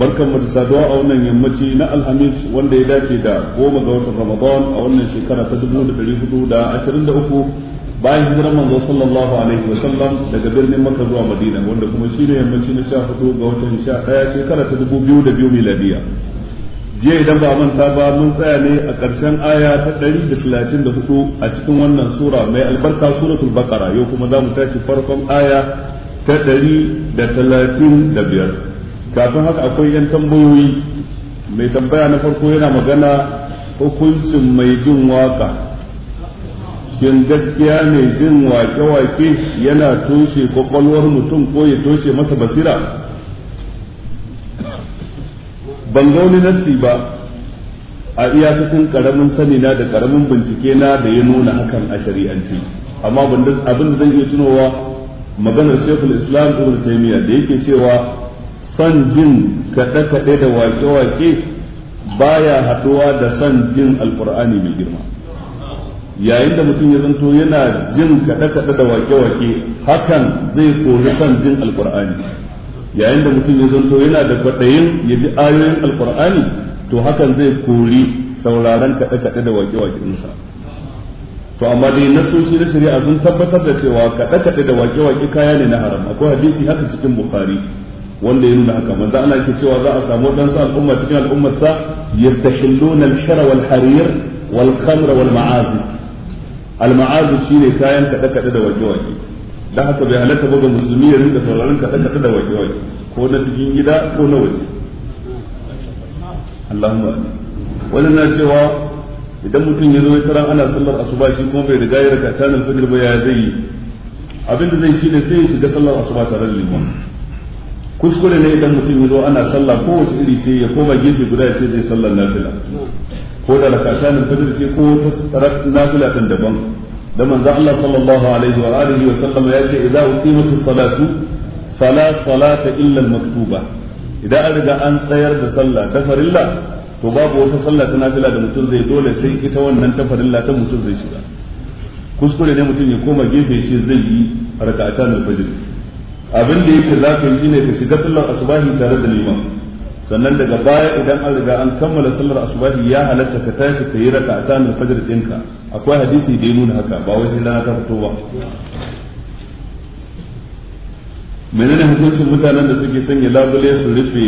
barkan mu da saduwa a wannan yammaci na alhamis wanda ya dace da goma ga watan ramadan a wannan shekara ta dubu da dari hudu da ashirin da uku bayan hijirar manzo sallallahu alaihi wa sallam daga birnin makka zuwa madina wanda kuma shi ne yammaci na sha hudu ga watan sha ɗaya shekara ta dubu biyu da biyu miladiya jiya idan ba manta ba mun tsaya ne a ƙarshen aya ta ɗari da talatin da hudu a cikin wannan sura mai albarka suratul baqara yau kuma za mu tashi farkon aya ta ɗari da talatin da biyar kafin haka akwai yan tambayoyi mai tambaya na farko yana magana hukuncin mai jin waka shin gaskiya mai jin wake-wake yana toshe kwakwalwar mutum ko ya toshe masa basira ban ga wani ba a iyakacin karamin sanina da karamin bincike na da ya nuna hakan a shari'anci amma abin da zan iya tunowa maganar shekul islam ibn taymiya da yake cewa son jin kaɗe-kaɗe da wake-wake baya haɗuwa da son jin alkur'ani mai girma yayin da mutum ya zanto yana jin kaɗe-kaɗe da wake-wake hakan zai kori son jin alkur'ani yayin da mutum ya zanto yana da kwaɗayin ya ji ayoyin alkur'ani to hakan zai kori sauraron kaɗe-kaɗe da wake insa. to amma dai soshi na shari'a sun tabbatar da cewa kaɗe-kaɗe da wake-wake kaya ne na haram akwai hadisi haka cikin bukhari wanda ya nuna haka manzo ana yake cewa za a samu dan sa al'umma cikin al'ummar sa yastahilluna al-hira wal harir wal khamra wal ma'azif al ma'azif shine kayan kada kada da waje waje dan haka bai halatta ba ga musulmi ya rinka sauraron kada kada da waje waje ko na cikin gida ko na waje Allahumma wannan na cewa idan mutum ya zo ya tara ana sallar asuba shi kuma bai riga ya raka ta nan fajr ba ya zai abinda zai shine sai ya shiga sallar asuba tare da liman kuskure ne idan mutum ya zo ana sallah ko kowace iri ce ya koma gefe guda ya ce zai sallar nafila ko da rakata ne fajr ce ko ta nafila din daban da manzo Allah sallallahu alaihi wa alihi wa sallam ya ce idza uqimatis salatu fala salata illa al-maktuba idan an riga an tsayar da sallah ta farilla to babu wata sallah ta nafila da mutum zai dole sai ita wannan ta farilla ta mutum zai shiga kuskure ne mutum ya koma gefe ce zai yi raka'atan al-fajr abin da yake zafi shi yi shine ka shiga sallar asubahi tare da liman sannan daga baya idan an riga an kammala sallar asubahi ya halatta ka tashi ka yi raka a tsamin fajar ɗinka akwai hadisi da ya nuna haka ba wai sai lana ta fito ba menene hukuncin mutanen da suke sanya labule su rufe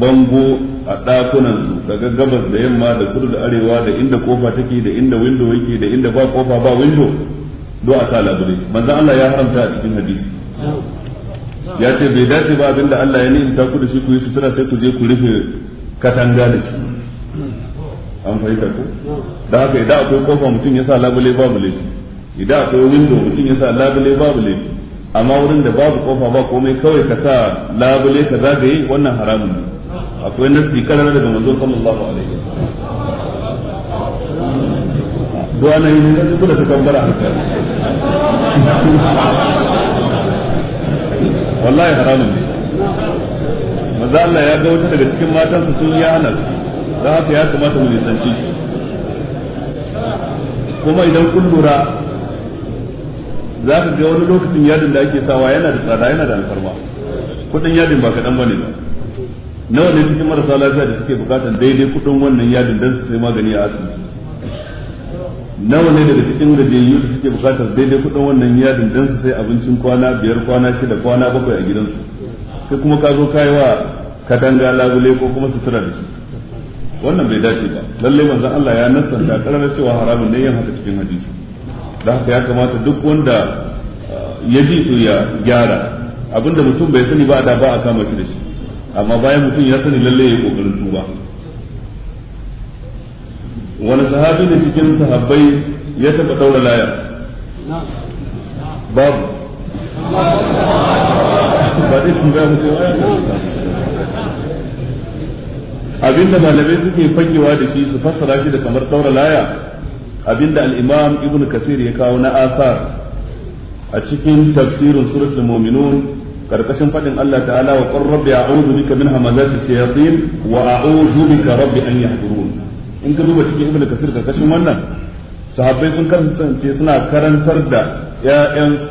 bango a ɗakunan su daga gabas da yamma da kudu da arewa da inda kofa take da inda window yake da inda ba kofa ba window do a sa labule manzo Allah ya haramta a cikin hadisi ya ce bai dace ba abinda Allah ya ta ku da shi ku yi sutura sai ku je ku rufe katanga da shi an fahimta ko da haka idan akwai kofa mutum ya sa labule babu laifi idan akwai window mutum ya sa labule babu laifi amma wurin da babu kofa ba komai kawai ka sa labule ka zagaye wannan haramun ne akwai nasi karar daga manzo sallallahu alaihi wasallam do ana ne da su da su kan bara haka wallahi haramun ne maza Allah ya ga wata daga cikin su sun ya hana da haka ya kamata mu nisanci shi kuma idan kun lura za ka ga wani lokacin yadin da ake sawa yana da tsada yana da alfarma kudin yadin ba kaɗan bane ba nawa ne cikin marasa lafiya da suke bukatan daidai kudin wannan yadin don su sai magani a asibiti nawa ne daga cikin gajiyayyu da suke bukatar daidai kudin wannan ya dan sai abincin kwana biyar kwana shida kwana bakwai a gidansu sai kuma ka zo kai wa katanga labule ko kuma sutura da shi wannan bai dace ba lalle manzon Allah ya nassanta karar cewa haramun ne yin haka cikin hadisi da haka ya kamata duk wanda uh, ya ji to ya gyara abinda mutum bai sani ba da ba a kama shi da shi amma bayan mutum ya sani lalle ya kokarin tuba wani sahabi ne cikin sahabbai ya taɓa daura laya babu ba sun gaya mutum abinda malamai suke fakewa da shi su fassara shi da kamar saura laya abinda al-imam ibn kasir ya kawo na asar a cikin tafsirin suratul mu'minun karkashin faɗin Allah ta'ala wa qur rabbi a'udhu bika min hamazati shayatin wa a'udhu bika rabbi an yahdurun in ka duba cikin ibnu kasir kashin wannan sahabbai sun kasance suna karantar da ƴaƴansu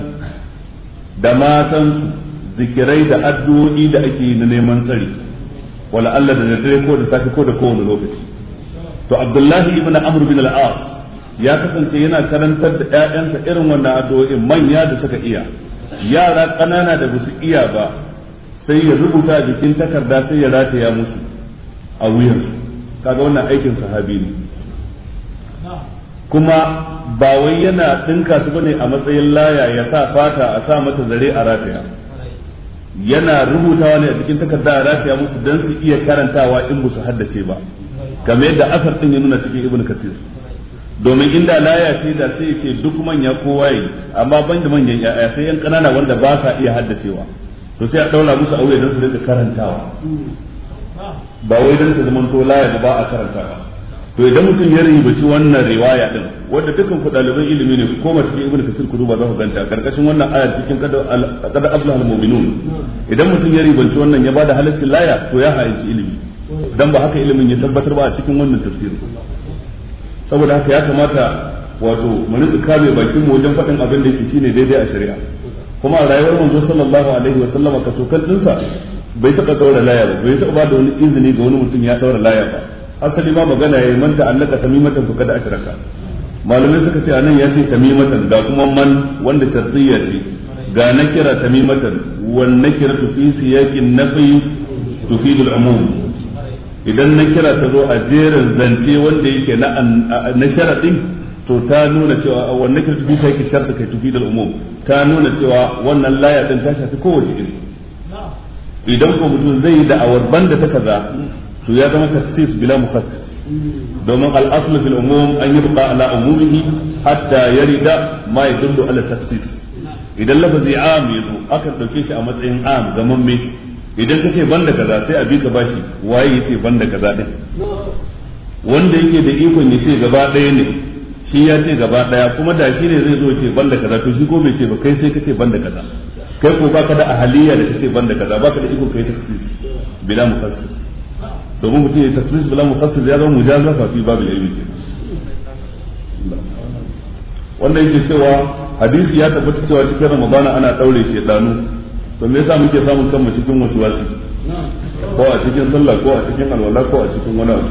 da matan zikirai da addu'o'i da ake yi na neman tsari wala Allah da dare ko da safe ko da kowane lokaci to Abdullahi ibn Amr bin al-As ya kasance yana karantar da ƴaƴansa irin wannan addu'o'in manya da suka iya yara ƙanana da basu iya ba sai ya rubuta jikin takarda sai ya rataya musu a wuyansu kaga wannan aikin sahabi ne kuma ba wai yana dinka su bane a matsayin laya ya sa fata a sa mata zare a rataya yana rubutawa ne a cikin takarda a rataya musu dan su iya karantawa in musu haddace ba game da asar ɗin ya nuna cikin ibn kasir domin inda laya ce da sai ce duk manya kowa yi amma ban da manyan yaya sai yan kanana wanda ba sa iya haddacewa to sai a daura musu aure dan su dinga karantawa ba wai dan ta zamanto laya ba a karanta ba to idan mutum ya rubuci wannan riwaya din wanda dukkan ku ɗaliban ilimi ne ku koma cikin ibnu kasir ku duba za ku ganta karkashin wannan aya cikin qad al muminun idan mutum ya rubuci wannan ya bada halaccin laya to ya haici ilimi dan ba haka ilimin ya tabbatar ba a cikin wannan tafsirin saboda haka ya kamata wato mu rinka kame bakin mu wajen faɗin abin da yake shine daidai a shari'a kuma a rayuwar manzo sallallahu alaihi wa sallama kaso kan dinsa bai taɓa ɗaura laya ba bai taɓa ba da wani izini ga wani mutum ya ɗaura laya ba asali ma magana ya manta allaka tamimatan fuka da ashiraka malamai suka ce anan ya ce tamimatan ga kuma man wanda shartiyya ce ga nakira tamimatan wan nakira fi siyaqin nafi tufidu al-umum idan kira ta zo a jerin zance wanda yake na na sharadin to ta nuna cewa wanne wannan kirtubi ta yake sharta kai tufi da umum ta nuna cewa wannan laya din ta shafi kowace iri idan ko mutum zai yi da'awar banda ta kaza to ya zama tassis bila mufassir domin aslu fil umum an yubqa ala umumihi hatta yarida ma yadullu ala tafsir idan lafazi am yazo aka dauke shi a matsayin am zaman me idan kace banda kaza sai a bi ka bashi waye yace banda kaza din wanda yake da ikon yace gaba ɗaya ne shi ya ce gaba ɗaya kuma da shi ne zai zo ce banda kaza to shi ko me ce ba kai sai kace banda kaza kai ko baka da ahaliya da kace banda kaza baka da iko kai tafsir bila mufassir domin mutum ya tafsir bila mufassir ya zama fa fi babu ilmi wanda yake cewa hadisi ya tabbata cewa cikin ramadana ana daure danu to me yasa muke samun kanmu cikin wasu wasu ko a cikin sallah ko a cikin alwala ko a cikin wani abu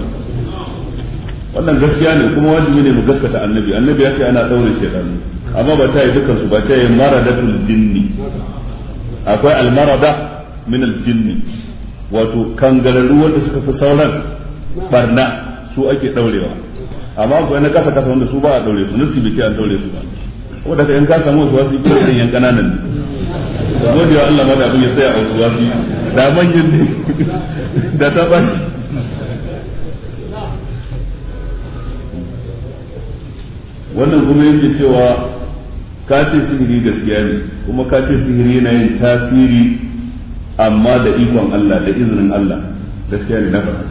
wannan gaskiya ne kuma wajibi ne mu gaskata annabi annabi ya ce ana daure danu amma ba ta yi dukansu ba ta yi maradatul jinni akwai almarada min aljinni wato kangararru wanda suka fi sauran barna su ake daurewa amma akwai na kasa kasa wanda su ba a daure su nasi ce an daure su ba wanda kai in ka samu wasu wasu biyu ɗin yan kananan ne da gode wa Allah ma da abin ya tsaya a wasu wasu da manyan ne da ta ba wannan kuma yake cewa ka ce sihiri gaskiya ne kuma ka ce sihiri yana yin tasiri amma da ikon Allah da izinin Allah gaskiya ne na faɗa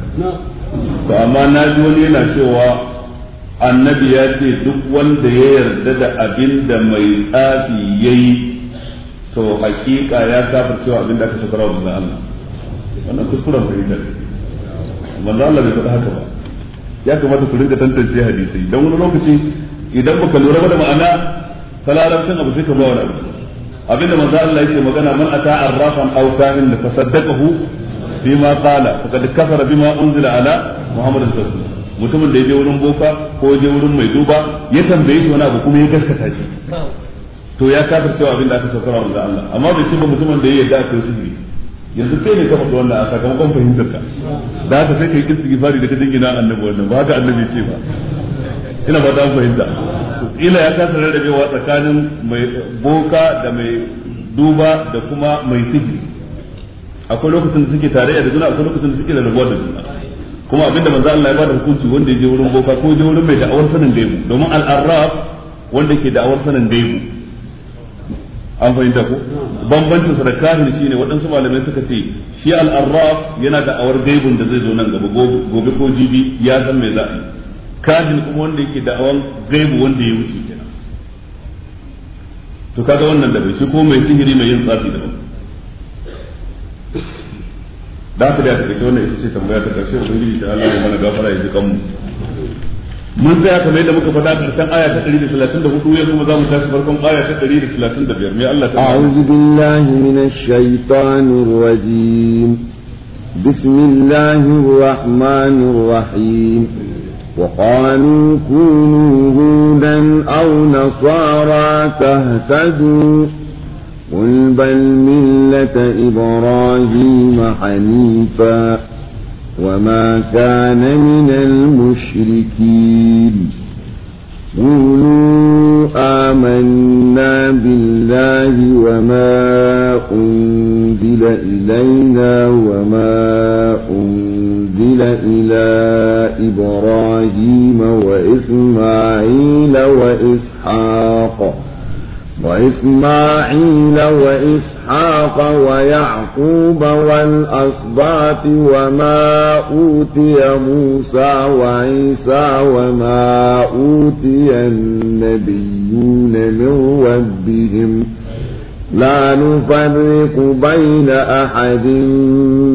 to amma na ji wani yana cewa annabi ya ce duk wanda ya yarda da abin da mai tsafi ya yi to hakika ya kafar cewa abin da aka shakara wa Allah wannan kuskuren fahimtar manzan Allah bai faɗa haka ba ya kamata ku rinka tantance hadisai don wani lokaci idan baka lura ba da ma'ana ta abu sai ka ba wani abinda manzo Allah yake magana man ata arrafan aw kahin da fasaddaqahu bima qala faqad kafara bima unzila ala muhammadin sallallahu mutumin da yaje wurin boka ko ya je wurin mai duba ya tambaye shi wani abu kuma ya gaskata shi to ya kafir cewa abinda aka saukar wa Allah amma bai ce ba mutumin da ya da a kai yanzu kai ne ka faɗi wannan a sakamakon fahimtar ka da haka sai kai kirki gifari da ka dingina annabi wannan ba haka annabi ce ba ina ba ta fahimta ila ya kasa rarrabewa tsakanin mai boka da mai duba da kuma mai sihiri akwai lokacin da suke tare da juna akwai lokacin da suke rarrabuwa da juna kuma abinda manzo Allah ya bada hukunci wanda ya je wurin boka ko je wurin mai da'awar sanin gaibu domin al-arraf wanda ke da'awar sanin gaibu an fahimta ko bambancin sa da kafir shine waɗansu malamai suka ce shi al-arraf yana da'awar gaibun da zai zo nan gaba gobe ko jibi ya san me za a yi kafin kuma wanda yake da'awan gaibu wanda ya wuce kenan to kaga wannan da bai shi ko mai sihiri mai yin tsafi da da haka da ya tafi wannan ita ce tambaya ta karshe ji ta Allah ya mana gafara ya ji kanmu mun tsaya kamar yadda muka faɗa karshen aya ta 134 ya kuma za mu tashi farkon aya ta 135 mai Allah ta a'udhu billahi minash shaitanir rajim بسم الله الرحمن الرحيم وقالوا كونوا هودا أو نصارى تهتدوا قل بل ملة إبراهيم حنيفا وما كان من المشركين قولوا آمنا بالله وما أنزل إلينا وما أنزل إلى إبراهيم وإسماعيل وإسحاق وإسماعيل وإسحاق ويعقوب والأسباط وما أوتي موسى وعيسى وما أوتي النبيون من ربهم لا نفرق بين أحد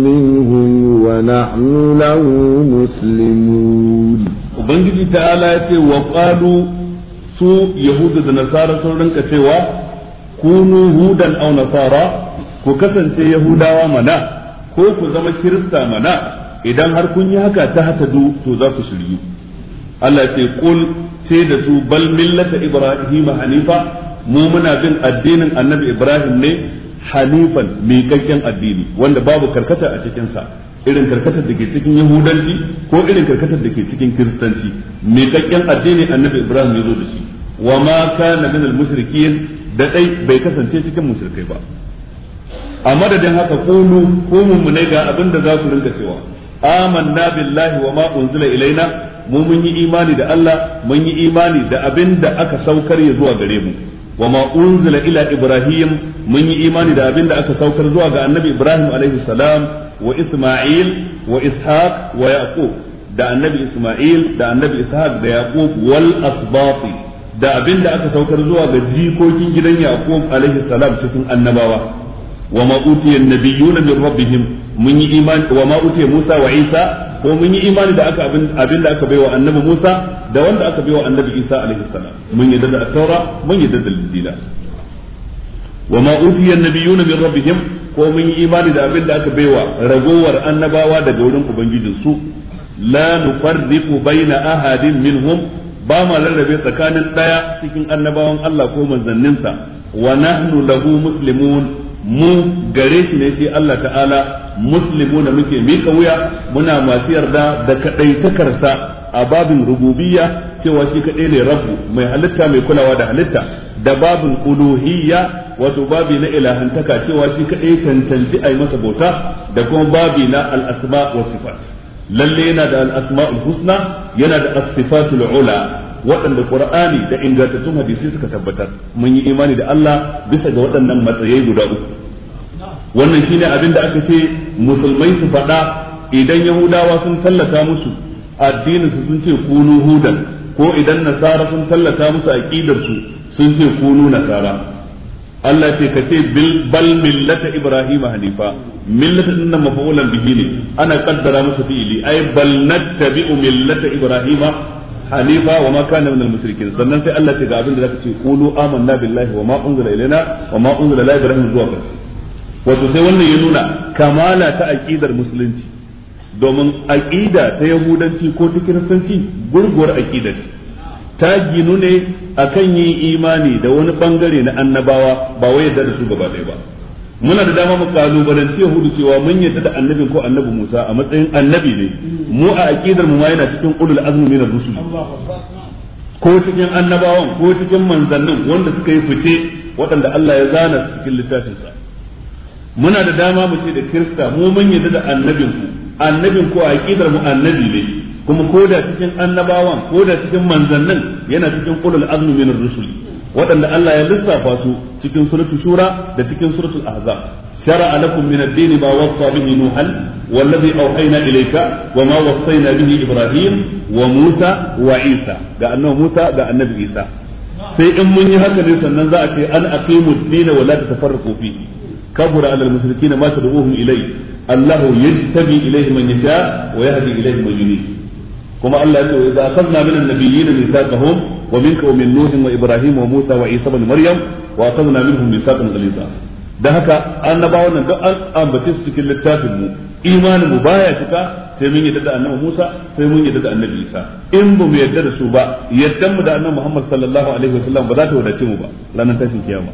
منهم ونحن له مسلمون وبنجد تعالى وقالوا su yahudu da nasara sun rinka cewa kunu hudan aw nasara ku kasance yahudawa mana ko ku zama kirista mana idan har kun yi haka ta hatadu to za ku shirye Allah ce kul ce da su bal millata ibrahim hanifa mu muna bin addinin annabi ibrahim ne hanifan miƙaƙƙen addini wanda babu karkata a cikinsa irin karkatar da ke cikin yahudanci ko irin karkatar da ke cikin kiristanci mai kakken addini annabi ibrahim ya zo da shi wa ma kana min al-mushrikin da dai bai kasance cikin mushrikai ba a madadin haka qulu ko mummunai ga abin da za ku rinka cewa amanna billahi wa ma unzila ilaina mu mun yi imani da Allah mun yi imani da abin da aka saukar ya zuwa gare mu wa ma unzila ila ibrahim mun yi imani da abin da aka saukar zuwa ga annabi ibrahim alaihi salam wa Isma'il wa Ishaq wa Yaqub da annabi Isma'il da annabi Ishaq da Yaqub wal asbati da abin da aka saukar zuwa ga jikokin gidan Yaqub alaihi salam cikin annabawa wa ma utiya nabiyuna min mun yi wa Musa wa Isa ko mun yi imani da aka abin da aka wa annabi Musa da wanda aka wa annabi Isa alaihi salam mun yi da at-taura mun yadda da injila wa ma utiya nabiyuna min rabbihim ko mun yi imani da abin da aka baiwa ragowar annabawa daga wurin ubangijin su la nufarriqu baina ahadin minhum ba ma rarrabe tsakanin daya cikin annabawan Allah ko manzanninsa wa nahnu lahu muslimun mu gare shi ne shi Allah ta'ala muslimu da muke mika wuya muna masu yarda da kadaitakarsa a babin rububiyya cewa shi kadai ne rabbu mai halitta mai kulawa da halitta da babin uluhiyya wato babi na ilahantaka cewa shi kadai cancanci a yi masa bauta da kuma babi na al-asma wa sifat lalle yana da al-asma husna yana da as-sifatul ula waɗanda qur'ani da ingantattun hadisi suka tabbatar mun yi imani da Allah bisa ga waɗannan matsayai guda uku wannan shine abin da aka ce musulmai su faɗa idan yahudawa sun tallata musu addinin su sun ce kunu hudan ko idan nasara sun tallata musu aqidar su sun ce kunu nasara Allah ce ka ce bal millata Ibrahim hanifa millata din nan mafa'ulan bihi ne ana kaddara musu fi'ili ai bal nattabi'u millata Ibrahim hanifa wa ma kana minal mushrikin sannan sai Allah ce ga abin da zaka ce qulu amanna billahi wa ma unzila ilaina wa ma unzila ila ibrahim zuwa kashi. wato sai wannan ya nuna kamala ta aqidar musulunci domin aqida ta yahudanci ko ta kiristanci gurgur aqida ce ta ginu ne akan yin imani da wani bangare na annabawa ba wai yadda da su gaba ɗaya ba muna da dama mu kalubalanci hudu cewa mun yadda da annabin ko annabi Musa a matsayin annabi ne mu a aqidar mu ma yana cikin ulul azmi min rusul ko cikin annabawan ko cikin manzannin wanda suka yi fice waɗanda Allah ya zana cikin littafin sa. muna da dama mu ce da Kirista mu mun yadda da annabin ku annabin ko a aqidar mu annabi ne kuma ko da cikin annabawan ko da cikin manzannin yana cikin ulul azmi min waɗanda Allah ya lissafa su cikin suratul shura da cikin suratul ahzab شرع لكم من الدين ما وصى به نوحا والذي اوحينا اليك Ibrahim wa Musa wa Isa. وعيسى annabi Musa لان annabi Isa. sai in mun yi haka ne sannan za a ce an aqimu ad-dina wa la tatafarraqu fi kabura ala al-mushrikeena ma tad'uuhum ilay Allahu yajtabi ilayhi man yasha wa yahdi ilayhi kuma Allah ya ce idza akhadna minan nabiyyin mithaqahum wa minka wa min nuh wa ibrahim wa musa wa isa ibn maryam wa akhadna minhum mithaqan ghaliza dan haka annabawan nan duk an ambace su cikin littafin mu imanin mu baya cika sai mun yadda da annabi Musa sai mun yadda da annabi Isa in ba mu yadda da su ba yaddan mu da annabi Muhammad sallallahu alaihi wasallam ba za ta wadace mu ba ranar tashin kiyama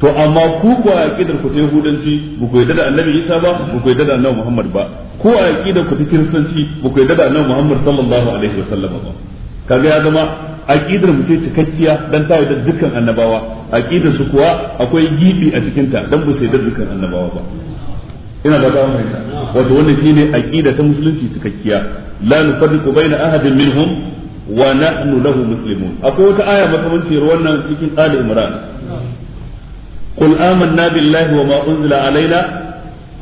to amma ku ko a aqidar ku sai hudanci ba ku yadda da annabi Isa ba ba ku yadda da annabi Muhammad ba ko a aqidar ku ta kiristanci ba ku yadda da annabi Muhammad sallallahu alaihi sallam ba kaga ya zama aqidar mu ce cikakkiya dan ta yadda dukkan annabawa aqidar su kuwa akwai gibi a cikin ta dan ba sai yarda dukkan annabawa ba ina da gaba mai wato wannan shine aqida ta musulunci cikakkiya la nufarriqu baina ahadin minhum wa nahnu lahu muslimun akwai wata aya makamancin wannan cikin Ali Imran قل آمنا بالله وما أنزل علينا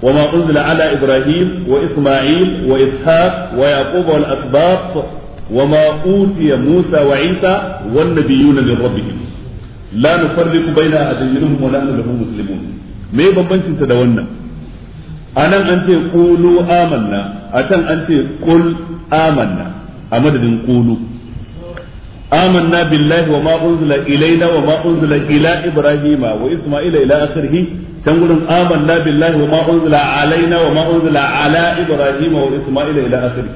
وما أنزل على إبراهيم وإسماعيل وإسحاق ويعقوب والأسباط وما أوتي موسى وعيسى والنبيون من ربهم لا نفرق بين أحد منهم ونحن له مسلمون me bambancin ta da wannan anan an ce qulu amanna a can an ce qul amanna a madadin qulu آمنا بالله وما أنزل إلينا وما أنزل إلى إبراهيم وإسماعيل إلى آخره تنقول آمنا بالله وما أنزل علينا وما أنزل على إبراهيم وإسماعيل إلى آخره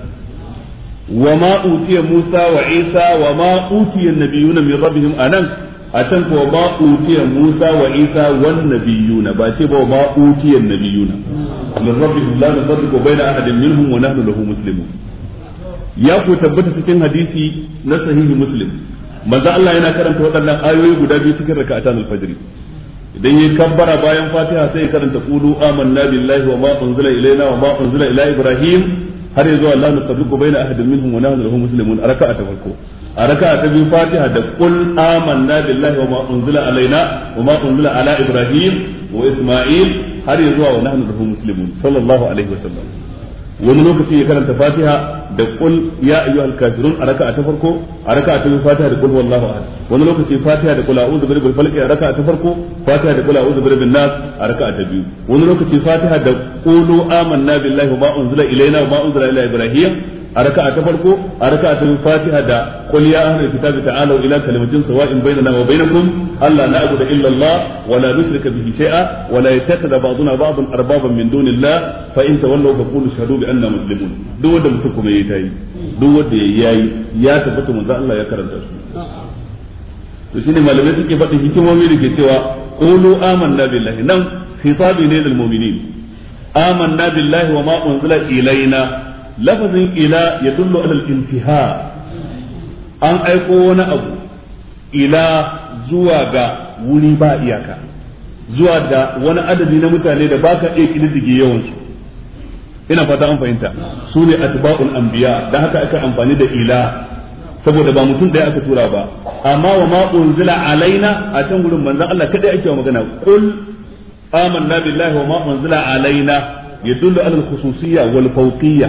وما أوتي موسى وعيسى وما أوتي النبيون من ربهم أنا أتنك وما أوتي موسى وعيسى والنبيون باتي وما أوتي النبيون من ربهم لا نفرق بين أحد منهم ونحن له مسلمون ya ku tabbata cikin hadisi na sahihi muslim manzo Allah yana karanta waɗannan ayoyi guda biyu cikin raka'atan al-fajr idan yayi kabbara bayan Fatiha sai ya karanta qulu amanna billahi wa ma unzila ilaina wa ma unzila ila ibrahim har yanzu Allah na tabbata baina ahadin minhum wa nahnu lahu muslimun a raka'a ta farko a raka'a ta biyu Fatiha da qul amanna billahi wa ma unzila alaina wa ma unzila ala ibrahim wa isma'il har yanzu wa nahnu lahu muslimun sallallahu alaihi wa sallam wani lokaci ya karanta fatiha da kul ya ayyuhal kafirun a raka'a ta farko a raka'a ta fatiha da kul wallahu ahad wani lokaci fatiha da kul a'udhu birabbil falaq a raka'a ta farko fatiha da kul a'udhu birabbin nas a raka'a ta biyu wani lokaci fatiha da qulu amanna billahi wa ma unzila ilaina wa ma unzila ila ibrahim a raka'a ta farko a raka'a fatiha da qul ya ahlal kitabi ta'alu ila kalimatin sawa'in bainana wa bainakum alla na'budu illa allah wa la nushrika bihi shay'a wa la yattakhidha ba'duna ba'dan min dunillah fa in tawallaw faqulu shahadu bi anna muslimun duk wanda mutum kuma yayi tayi duk wanda yayi ya tabbata manzo Allah ya karanta su to malamai suke faɗin hikimomi da cewa amanna nan ne mu'minin amanna wa ma ilaina lafazin ila ya dullu alal intiha an aiko wani abu ila zuwa ga wuri ba iyaka zuwa da wani adadi na mutane da baka iya kididdige yawansu ina fata an fahimta su ne atba'ul anbiya dan haka aka amfani da ila saboda ba mutum ɗaya aka tura ba amma wa ma unzila alaina a can gurin manzon Allah kadai ake magana kul amanna billahi wa ma unzila alaina yadullu ala al-khususiyya wal fawqiyya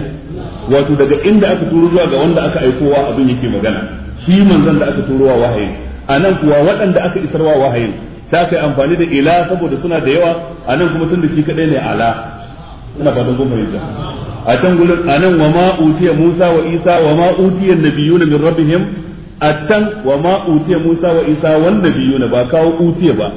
wato daga inda aka turo zuwa ga wanda aka aikowa abin yake magana shi manzon da aka turowa wahayin anan kuwa waɗanda aka isarwa wahayin ta kai amfani da ila saboda suna da yawa anan kuma tun da shi kadai ne ala ina fatan kun fahimta a can gurin anan wa ma utiya Musa wa Isa wa ma utiya nabiyuna min rabbihim attan wa ma utiya Musa wa Isa wan nabiyuna ba kawo utiya ba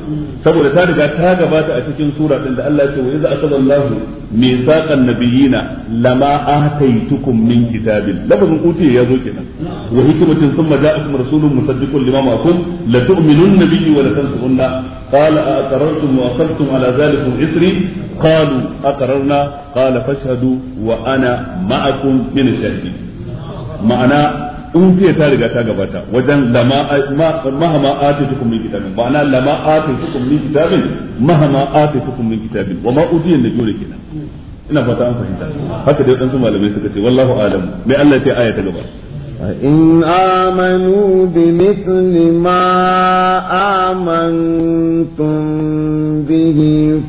saboda ta riga ta gabata a cikin sura din da Allah ya ce wa iza akada Allah mithaqan nabiyina lama ataitukum min kitabin lafazin utiya ya zo kenan wa hikmatin thumma ja'akum rasulun musaddiqun lima ma'akum la tu'minun nabiyyi wa la tansurunna qala a aqarrartum wa aqadtum ala zalikum isri qalu aqarrarna qala fashhadu wa ana ma'akum min shahidin ma'ana in fiye ta riga ta gabata wajen lama mahama atitukum min kitabin ba na lama atitukum min kitabin mahama atitukum min kitabin wa ma utiya nabiyyu kenan ina fata an fahimta haka dai dan su malamai suka ce wallahu alam mai Allah ya ce aya ta gaba فإن آمنوا بمثل ما آمنتم به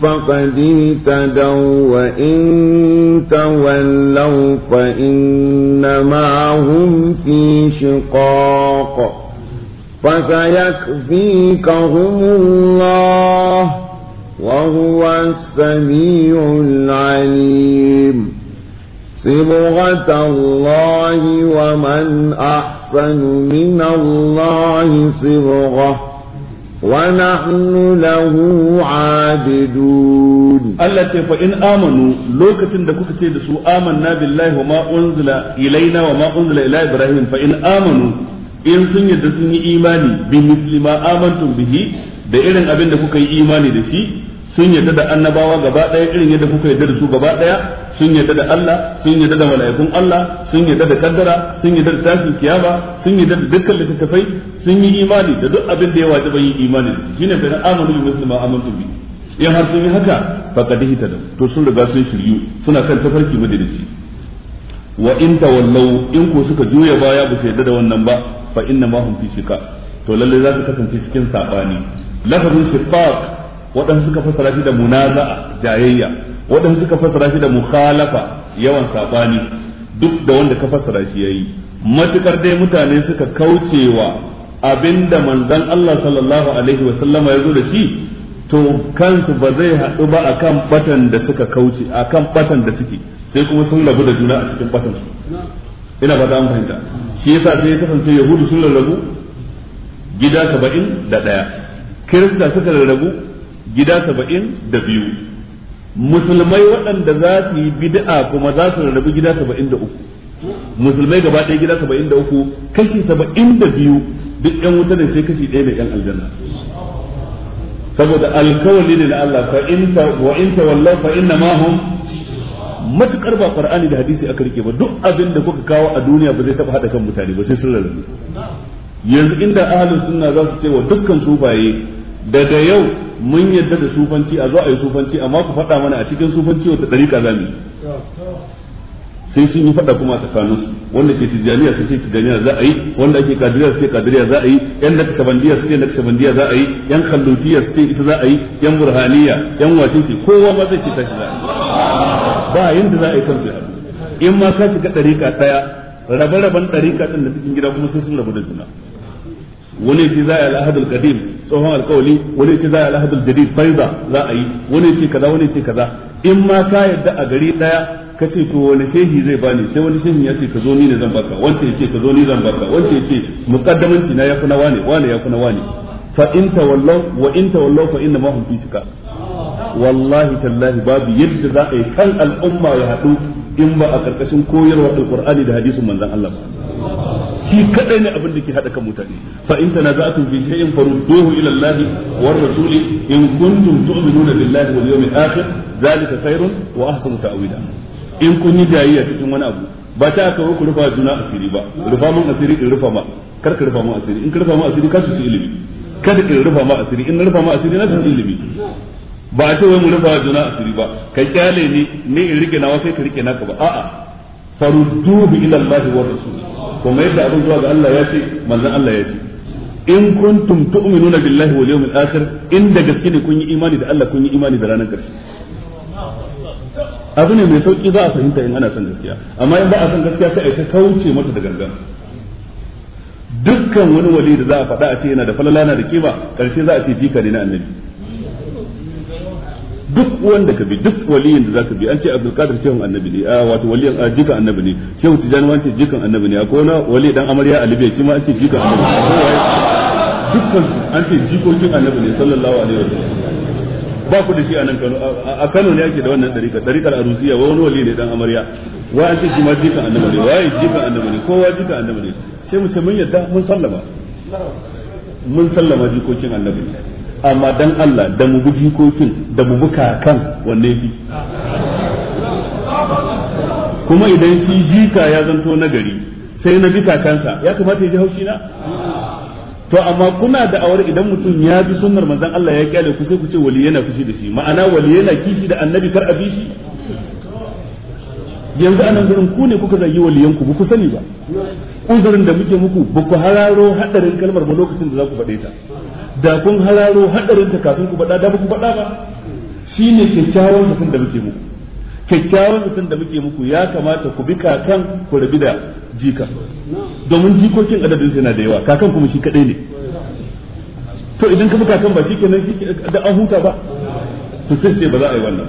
فقد اهتدوا وإن تولوا فإنما هم في شقاق فسيكفيكهم الله وهو السميع العليم صبغة الله ومن أحسن من الله صبغة ونحن له عابدون التي فإن آمنوا لوكة دكوك تيدسوا آمنا بالله وما أنزل إلينا وما أنزل إلى إبراهيم فإن آمنوا in sun yarda sun yi imani bi misli ma amantum bihi da irin abin da kuka yi imani da shi sun yadda da annabawa gaba ɗaya irin yadda kuka yadda da su gaba ɗaya sun yadda da Allah sun yadda da mala'ikun Allah sun yadda da kaddara sun yadda da tashin kiyama sun yadda da dukkan littattafai sun yi imani da duk abin da ya wajaba yin imani da su shine bayan amanu bil muslima amantu bi in har sun yi haka faqad da to sun riga sun shiryu suna kan tafarki madalici wa in tawallu in ko suka juya baya ba su yadda da wannan ba fa inna ma hum fi shika to lalle za su kasance cikin sabani lafazin shiqaq waɗansu suka fassara shi da munaza'a jayayya waɗansu suka fassara shi da mukhalafa yawan sabani duk da wanda ka fassara shi yayi matukar dai mutane suka kaucewa abinda manzon Allah sallallahu alaihi wa sallama ya zo da shi to kansu ba zai haɗu ba akan batan da suka kauce akan batan da suke sai kuma sun rabu da juna a cikin batan su ina ba an fahimta shi yasa sai ya kasance yahudu sun rarrabu gida saba'in da ɗaya kirista suka rarrabu gida saba'in da biyu musulmai waɗanda za su yi bid'a kuma za su rarrabu gida saba'in da uku musulmai gaba ɗaya gida saba'in da uku kashi saba'in da biyu duk yan wuta ne sai kashi ɗaya da yan aljanna saboda alkawali ne na Allah fa in ta wa in ta wallahu fa inna ma hum matukar ba qur'ani da hadisi aka rike ba duk abin da kuka kawo a duniya ba zai taba haɗa kan mutane ba sai sun rarrabu yanzu inda ahlus sunna za su ce wa dukkan sufaye daga yau mun yadda da sufanci a zo a yi sufanci amma ku faɗa mana a cikin sufanci wata ɗariƙa za mu sai sun yi faɗa kuma a tsakanin su wanda ke tijjaniya su ce tijjaniya za a yi wanda ake kadiriya su ce kadiriya za a yi yan nakashabandiya su ce nakashabandiya za a yi yan kallutiya su ce ita za a yi yan burhaniya yan wacin ce kowa ma zai ce tashi za a yi ba yanda za a yi kansu in ma ka shiga ɗariƙa ɗaya rabe-raben ɗariƙa ɗin da cikin gida kuma sai sun rabu da juna wani ce za a yi al'ahadul qadim tsohon alkawali wani ce za a yi al'ahadul jadid faiza za a yi wani ce kaza wani ce kaza in ma ka yadda a gari daya ka ce to wani shehi zai bani sai wani shehin ya ce ka zo ni ne zan baka wanda ya ce ka zo ni zan baka wanda ya ce muqaddamanci na ya kuna wane wane ya kuna wane fa in tawallaw wa in tawallaw fa inna ma hum fi shika wallahi tallahi babu yadda za a yi kan al'umma ya hadu in ba a ƙarƙashin koyarwar alƙur'ani da hadisin manzon Allah ba shi kadai ne abin da ke hada kan mutane fa in tanaza'tum fi shay'in farudduhu ila Allah war rasuli in kuntum tu'minuna billahi wal yawmil akhir zalika khairun wa ahsanu ta'wila in kun yi jayayya cikin wani abu ba ta aka ku rufa juna asiri ba rufa mun asiri in rufa ma kar ka rufa mun asiri in ka rufa mun asiri ka ci ilimi kada ka rufa ma asiri in rufa ma asiri na ci ilimi ba ta ce wai mu rufa juna asiri ba ka kyale ni ni in rike nawa sai ka rike naka ba a'a farudduhu ila Allah wa rasul kuma yadda abin zuwa ga Allah ya ce manzon Allah ya ce in kuntum tu'minuna billahi wal yawmil akhir in da gaske ne kun yi imani da Allah kun yi imani da ranar karshe abu ne mai sauki za a fahimta in ana son gaskiya amma in ba a son gaskiya sai a ta kauce mata da gangan dukkan wani wali da za a faɗa a ce yana da falala na da kima karshe za a ce jika ne na annabi duk wanda ka bi duk waliyin da zaka bi an ce Abdul Qadir shehun annabi ne a wato waliyin jikan annabi ne shehu Tijani wance jikan annabi ne akwai wani wali dan amarya alibe shi ma an ce jikan annabi dukkan an ce jikokin annabi ne sallallahu alaihi wa sallam ba ku da shi a nan Kano a Kano ne yake da wannan dariƙa dariƙar Arusiya wa wani wali ne dan amarya wa an ce shi ma jikan annabi ne wa jikan annabi ne kowa jikan annabi ne sai mu ce mun yadda mun sallama mun sallama jikokin annabi ne amma dan Allah da mu bi jikokin da mu buka kan wanne fi kuma idan shi jika ya zanto gari sai na bi kakansa ya kamata ya ji haushi na to amma kuna da awar idan mutum ya bi sunnar manzon Allah ya kyale ku sai ku ce wali yana kishi da shi ma'ana wali yana kishi da annabi kar a bi shi yanzu anan gurin ku ne kuka zagi waliyan ku ku sani ba uzurin da muke muku ba ku hararo hadarin kalmar ba lokacin da za ku faɗe ta da kun halaro hadarin ta kafin ku faɗa da ba ku faɗa ba ne kyakkyawan zaton da muke muku kyakkyawan zaton da muke muku ya kamata ku bi kakan ku rabi da jika domin jikokin adadin su na da yawa kakan kuma shi kadai ne to idan ka bi kakan ba shi kenan shi da an huta ba to sai sai ba za a yi wannan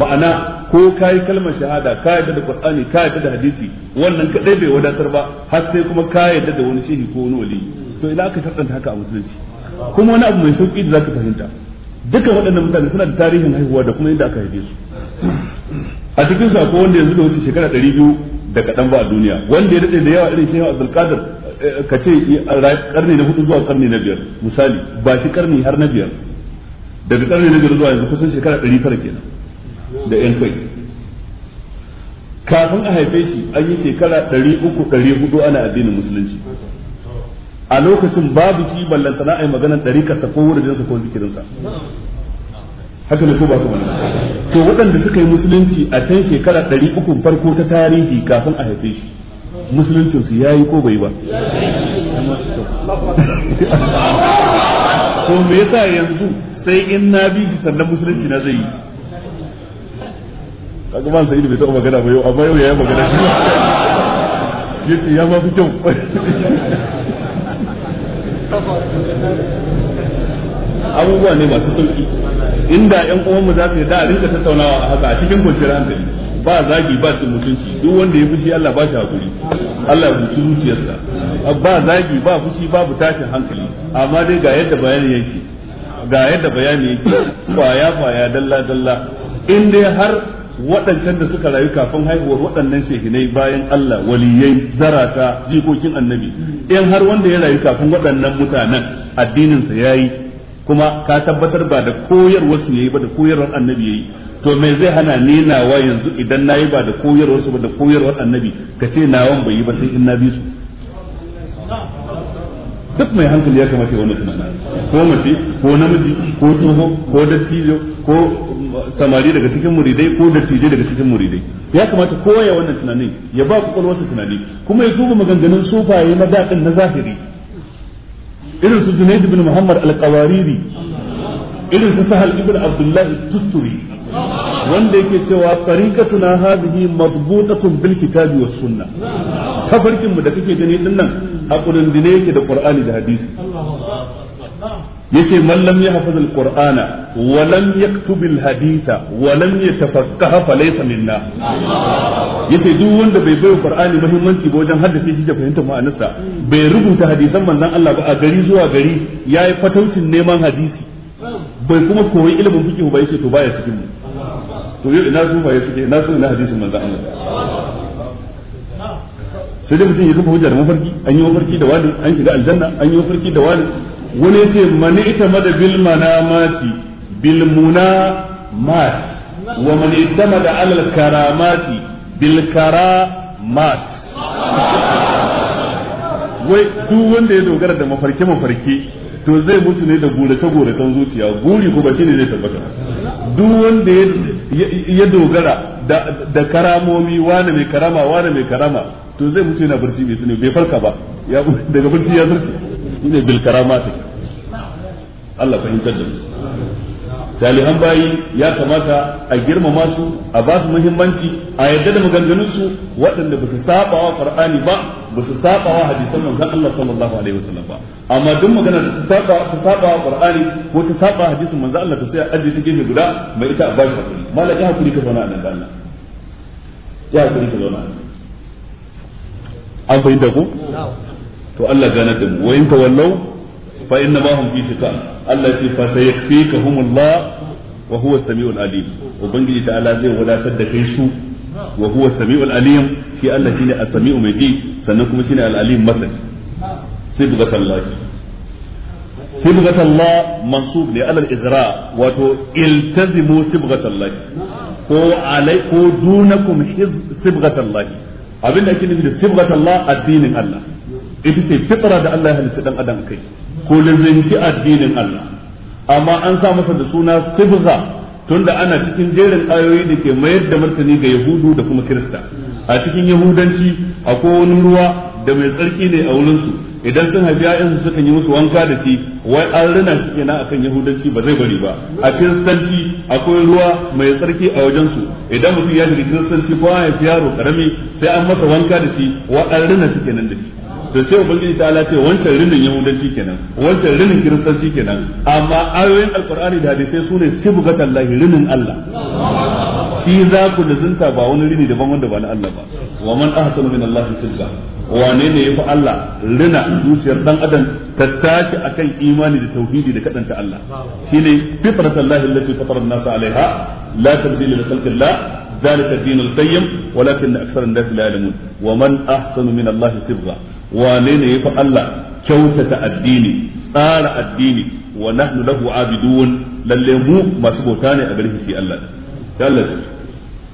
ma'ana ko ka yi kalmar shahada ka yadda da qur'ani ka yadda da hadisi wannan kadai bai wadatar ba har sai kuma ka yadda da wani shehi ko wani wali to ina aka tantance haka a musulunci kuma wani abu mai sauki da zaka fahimta duka waɗannan mutane suna da tarihin haihuwa da kuma inda aka haife su a cikin sa akwai wanda yanzu da wuce shekara ɗari biyu da kaɗan ba a duniya wanda ya daɗe da yawa irin shehu abdulkadir eh, ka ce karni na hudu zuwa karni na biyar misali ba shi karni har na biyar daga karni na biyar zuwa yanzu kusan shekara ɗari tara kenan da yan kai kafin a haife shi an yi shekara ɗari uku ɗari hudu ana addinin musulunci a lokacin babu shi ballantana ai maganar sa ko wurin ko zikirinsa haka ne ko ba kuma to waɗanda suka yi musulunci a can shekara ɗari uku farko ta tarihi kafin a haife shi musuluncin su yi ko bai ba to me yasa yanzu sai in na bi shi sannan musulunci na zai yi kaga man sai bai taɓa magana ba yau amma yau ya yi magana yace ya ma fi kyau abubuwa ne masu sauki inda yan uwanmu za su da a rinka tattaunawa a haka a cikin kwanciyar hankali ba zagi ba cin mutunci duk wanda ya fushi Allah ba shi hakuri Allah ya fushi zuciyarsa ba zagi ba fushi babu tashin hankali amma dai ga yadda bayani yake ga yadda bayani yake kwaya kwaya dalla dalla in dai har waɗancan da suka rayu kafin haihuwar waɗannan shehinai bayan Allah waliyai zarata jikokin annabi in har wanda ya rayu kafin waɗannan mutanen addininsa ya yi kuma ka tabbatar ba da su ya yi ba da koyarwar annabi ya yi to me zai hana ni nawa yanzu idan na yi ba da koyarwar su ba da koyarwar annabi ka ce nawan bai yi ba sai in na bi su duk mai hankali ya kamata wani tunanin ko mace ko namiji ko tsoho ko dattijo ko samari daga cikin muridai ko dattijai daga cikin muridai ya kamata kowa ya wannan tunanin ya ba kwakwalwarsa tunani kuma ya duba maganganun sufaye na daɗin na zahiri irin su Junaid ibn Muhammad al-Qawariri irin su Sahal ibn Abdullah tusturi wanda yake cewa tariqatuna hadhihi madbutatun bil kitabi was sunnah tafarkin mu da kake gani dinnan a dine yake da Qur'ani da hadisi yace man lam yahfaz alqur'ana wa lam yaktub alhaditha wa lam yatafaqqaha fa laysa minna yace duk wanda bai bai qur'ani muhimmanci ba wajen haddace shi da fahimtar ma'anarsa bai rubuta hadisan manzon Allah ba a gari zuwa gari yayi fatautin neman hadisi bai kuma koyi ilimin fiqh ba yace to baya cikin mu to yau ina su baya suke ina su ina hadisin manzon Allah sai da mutum ya kafa hujjar da mafarki an yi mafarki da wani an shiga aljanna an yi mafarki da wani wani mani ita mada bil manamati bil muna mat wa man mada alal mati bil mat wai duk wanda ya dogara da mafarki mafarki to zai mutu ne da gurace guracen zuciya guri kuma ne zai tabbata duk wanda ya dogara da karamomi wani mai karama wani mai karama to zai mutu yana barci bai sani bai farka ba daga barci ya zarce shine bil karamati Allah fahimtar da mu salihan bayi ya kamata a girmama su a ba su muhimmanci a yadda da maganganun su waɗanda ba su saba wa qur'ani ba ba su saba wa hadisan manzon Allah sallallahu alaihi wasallam ba amma duk magana da su saba saba wa qur'ani ko ta saba hadisin manzon Allah ta sai a aje take ne guda mai ita a ba shi hakuri malaka hakuri ka zauna a nan da Allah ya hakuri ka zauna an fahimta ko to Allah gane da mu wa in wallau fa inna ma hum fi shiqaq Allah ce fa sayakfikahumullah wa huwa samiul alim ubangiji ta Allah zai wadatar da kai su wa huwa samiul alim shi Allah shine as-sami'u mai ji sannan kuma shine al-alim masal sai buga tallahi sibghat Allah mansub ne alal izra wato iltazimu sibghat Allah ko alai ko dunakum sibghat Allah abinda ake nufi da sibghat Allah addinin Allah ita ce fitara da Allah ya halitta dan adam kai ko lazanci addinin Allah amma an sa masa da suna sibza tunda ana cikin jerin ayoyi da ke mayar da martani ga yahudu da kuma kirista a cikin yahudanci akwai wani ruwa da mai tsarki ne a wurinsu idan sun haifi su suka yi musu wanka da shi wai an rina shi kenan akan yahudanci ba zai bari ba a kiristanci akwai ruwa mai tsarki a wajen su idan mutum ya shiga kiristanci ko ya haifi yaro karami sai an masa wanka da shi wa an rina shi kenan da shi to sai ubangiji ta ce wancan rinin yahudanci kenan wancan rinin kiristanci kenan amma ayoyin alqur'ani da hadisai sune sibgatan lahi rinin Allah shi za ku lazunta ba wani rini daban wanda ba na Allah ba wa man ahsanu min Allah tilka wane ne yafi Allah rina zuciyar dan adam ta tashi akan imani da tauhidi da kadanta Allah shine fitratallahi allati fatara an-nasa alaiha la tabdila li khalqillah ذلك الدين القيم ولكن أكثر الناس لا يعلمون ومن أحسن من الله سرا ولين يفعل الله كوتة الدين قال الدين ونحن له عابدون للمو ما سبوتاني أبره سي الله قال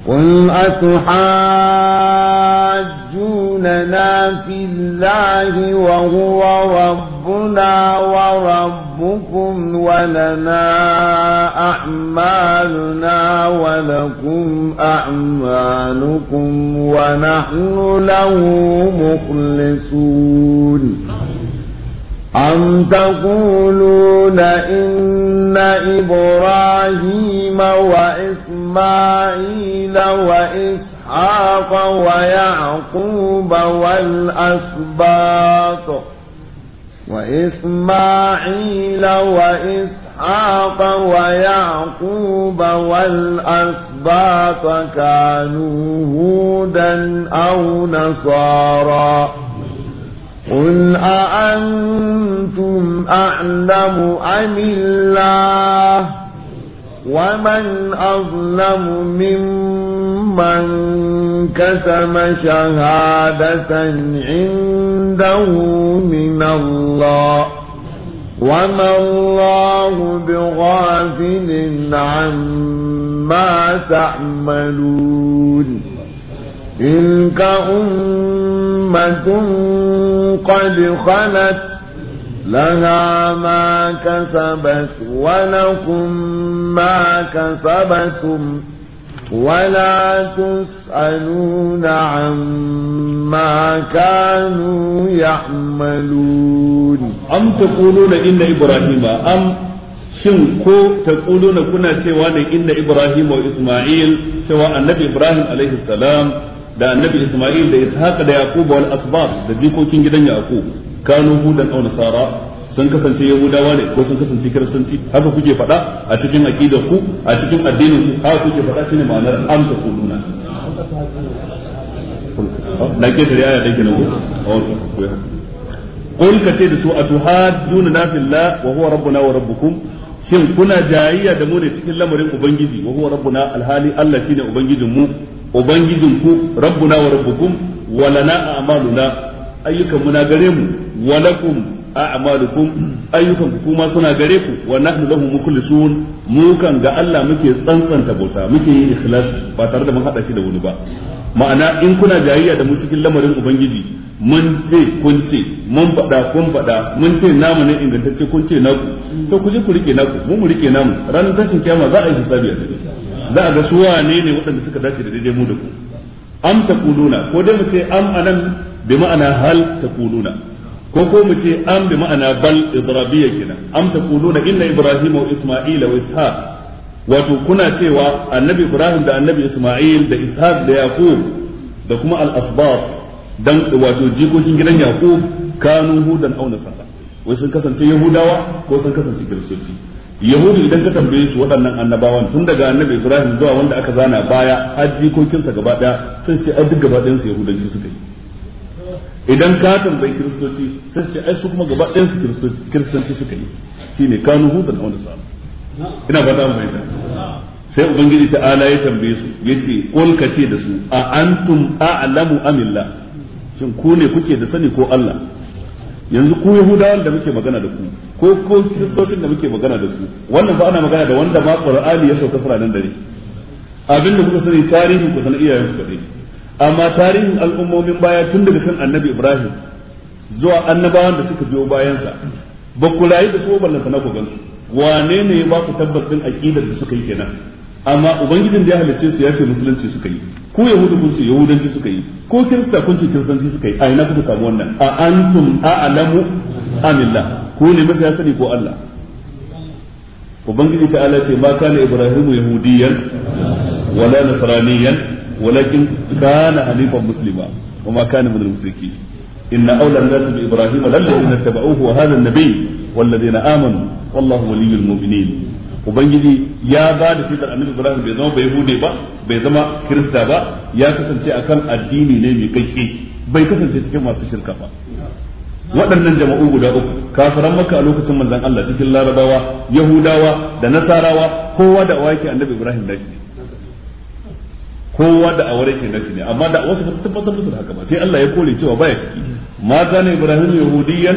قل أتحاجوننا في الله وهو ربنا ورب ربكم ولنا أعمالنا ولكم أعمالكم ونحن له مخلصون أم تقولون إن إبراهيم وإسماعيل وإسحاق ويعقوب والأسباط وإسماعيل وإسحاق ويعقوب والأسباط كانوا هودا أو نصارا قل أأنتم أعلم أم الله ومن أظلم ممن من كسم شهادة عنده من الله وما الله بغافل عما تعملون تلك أمة قد خلت لها ما كسبت ولكم ما كسبتم ولا تسألون عما كانوا يعملون أم تقولون إن إبراهيم أم shin ko ta na kuna cewa ne inna ibrahim wa isma'il cewa annabi ibrahim alaihi salam da annabi isma'il da ishaq da yaqub wal asbab da jikokin gidan yaqub kanu hudan aw nasara sun kasance yahudawa ne ko sun kasance kiristanci haka kuke faɗa a cikin aqidar ku a cikin addinin ku haka kuke faɗa shine ma'anar amsa ta kuluna na ke tare aya dake nan ko qul ka ce da su na fillah wa huwa rabbuna wa rabbukum shin kuna jayayya da mu ne cikin lamarin ubangiji wa huwa rabbuna alhali Allah shine ubangijin mu ubangijin ku rabbuna wa rabbukum wa lana a'maluna ayyukan mu na gare mu wa lakum a'malukum ayyukan ku kuma suna gare ku wa nahnu lahu mukhlisun mu kan ga Allah muke tsantsanta bauta muke yin ikhlas ba tare da mun hada shi da wani ba ma'ana in kuna jayayya da mu cikin lamarin ubangiji mun ce kun ce mun fada kun fada mun ce namu ne ingantacce kun ce naku to ku je ku rike naku mu mu rike namu ranar tashin kiyama za a yi hisabi a za a ga su wane ne waɗanda suka dace da daidai mu da ku am takuluna ko dai mu ce am anan bi ma'ana hal takuluna ko ko mu ce an bi ma'ana bal idrabiyya kenan am taquluna inna ibrahima wa isma'ila wa ishaq wato kuna cewa annabi ibrahim da annabi isma'il da ishaq da yaqub da kuma al asbab dan wato jikokin gidan yaqub kanu hudan aw nasara wai sun kasance yahudawa ko sun kasance kiristoci yahudu idan ka tambaye su waɗannan annabawan tun daga annabi ibrahim zuwa wanda aka zana baya har jikokinsa gaba ɗaya sun ce a duk gaba ɗayansu yahudanci suka yi idan ka tambayi kiristoci sai ce ai su kuma gaba ɗayan su kiristoci kiristanci suka yi ne kanu hudan a wani samu ina fata mai da sai ubangiji ta ala ya tambaye su yace ce ka ce da su a antum a'lamu amilla shin ku ne kuke da sani ko Allah yanzu ku yahudawan da muke magana da ku ko ko kiristocin da muke magana da su wannan ba ana magana da wanda ma qur'ani ya sauka fara nan dare abinda kuka sani tarihin ku san iyayen ku kaɗai amma tarihin al'ummomin baya tun daga kan annabi ibrahim zuwa annabawan da suka biyo bayansa ba ku rayu da su ballanta na ku gansu wane ne ya ba ku tabbas din aqidar da suka yi kenan amma ubangijin da ya halicce su ya ce musulunci suka yi ko yahudu kun ce yahudanci suka yi ko kirista kun ce kiristanci suka yi a ina kuka samu wannan a antum a'lamu amillah ko ne mafi ya sani ko Allah ubangiji ta ala ce ma kana ibrahimu yahudiyan wala nasraniyan walakin kana hanifan muslima wa ma kana minal mushriki inna awla an-nas bi ibrahima lalladheena tabauhu wa hadha an-nabiy amanu wallahu waliyyul mu'minin ubangiji ya ba da fitar annabi ibrahim bai zama bai hude ba bai zama kirista ba ya kasance akan addini ne mai kaiƙe bai kasance cikin masu shirka ba waɗannan jama'u guda uku kafiran maka a lokacin manzon Allah cikin larabawa yahudawa da nasarawa kowa da wake annabi ibrahim da shi kowa da awar ke nashi ne amma da wasu ba ta tabbatar musu da haka ba sai Allah ya kore cewa baya ciki ma zane ibrahim yahudiyan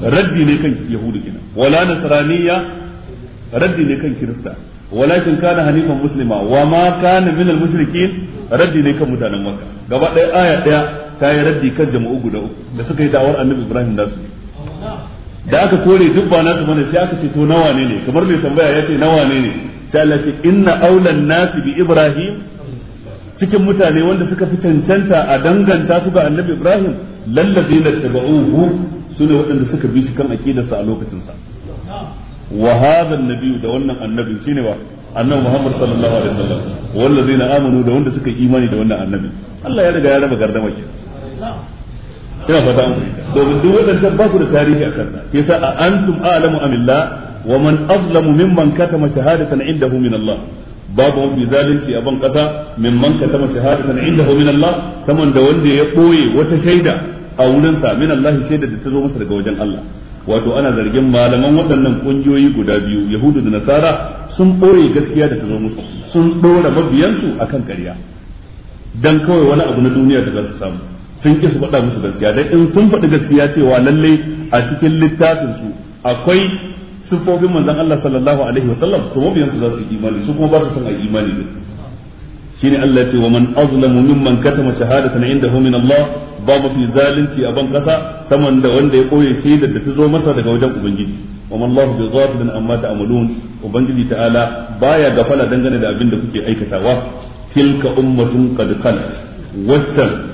raddi ne kan yahudu kina wala nasraniya raddi ne kan kirista walakin kana hanifan muslima wa ma kana min al mushrikin raddi ne kan mutanen makka gaba ɗaya aya ɗaya ta yi raddi kan jama'u guda uku da suka yi da'awar annabi ibrahim nasu da aka kore duk ba nasu bane sai aka ce to nawa ne ne kamar mai tambaya ya ce nawa ne ne sai Allah ce inna aulan nasi bi ibrahim cikin mutane wanda suka fi tantanta a danganta su ga annabi ibrahim lallazina su ne waɗanda suka bi shi kan aqidarsa a lokacin sa wa hadha an da wannan annabi shine wa annabi muhammad sallallahu alaihi wasallam na amanu da wanda suka imani da wannan annabi Allah ya riga ya raba gardama ke ina fata domin duk waɗannan ba ku da tarihi a kansa sai sa a antum a'lamu amillah wa man azlamu mimman katama shahadatan indahu min Allah babu wani zalunci a ban kasa mimman ka tama shahadatan indahu min Allah saman da wanda ya boye wata shaida a wurin sa min Allah shaida da ta zo masa daga wajen Allah wato ana zargin malaman waɗannan kungiyoyi guda biyu yahudu da nasara sun boye gaskiya da ta zo musu sun dora mabiyansu akan ƙarya dan kawai wani abu na duniya da za su samu sun ki su faɗa musu gaskiya dan in sun faɗi gaskiya cewa lalle a cikin littafin su akwai sufofin manzon Allah sallallahu alaihi wa sallam to mabiyan su za su imani su kuma ba su son ai imani ne shine Allah ce wa man azlamu mimman katama shahadatan indahu min Allah ba mafi zalunci a ban kasa saman da wanda ya koye shaidar da ta zo masa daga wajen ubangiji wa man Allah bi ghafilin amma ta'malun ubangiji ta'ala baya gafala dangane da abin da kuke aikatawa tilka ummatun qad khalat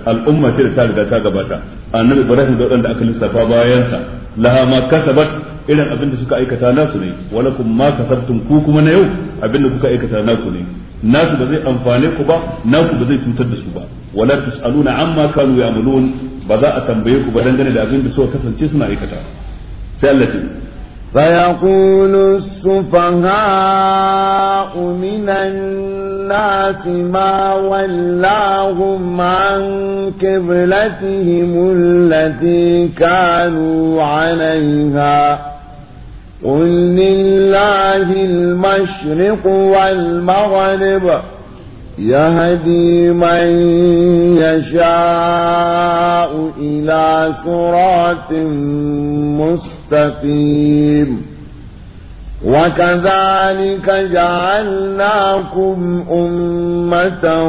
al'umma ce da ta riga ta gabata annabi ibrahim da waɗanda aka lissafa bayansa laha ma kasabat irin abin da suka aikata nasu ne walakum ma kasabtum ku kuma na yau abin da kuka aikata naku ne nasu ba zai amfane ku ba naku ba zai cutar da su ba wala tusaluna amma kanu ya'malun ba za a tambaye ku ba dangane da abin da suka kasance suna aikata sai Allah ce سيقول السفهاء من الناس ما ولاهم عن قبلتهم التي كانوا عليها قل لله المشرق والمغرب يهدي من يشاء إلى صراط مستقيم وكذلك جعلناكم أمة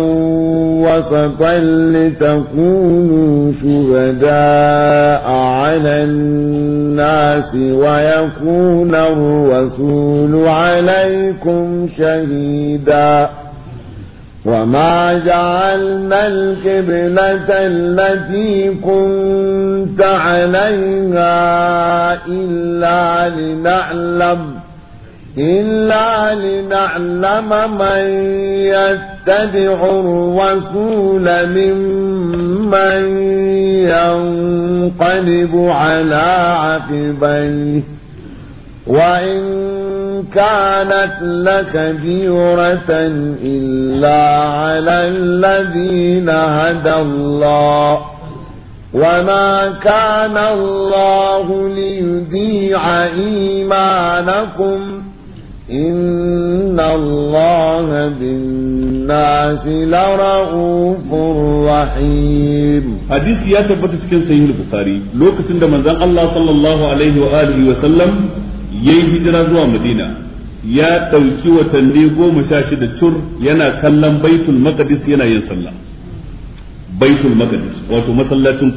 وسطا لتكونوا شهداء على الناس ويكون الرسول عليكم شهيدا وما جعلنا القبلة التي كنت عليها إلا لنعلم إلا لنعلم من يتبع الرسول ممن ينقلب على عقبيه وإن كانت لكبيرة إلا على الذين هدى الله وما كان الله ليذيع إيمانكم إن الله بالناس لرؤوف رحيم حديث يا تبت سكن سيد البخاري لو كتن من الله صلى الله عليه وآله وسلم يهي جرازوا مدينة ya ɗauki watanni goma sha shida cur yana kallon baitul maqdis sallah baitul wato masallacin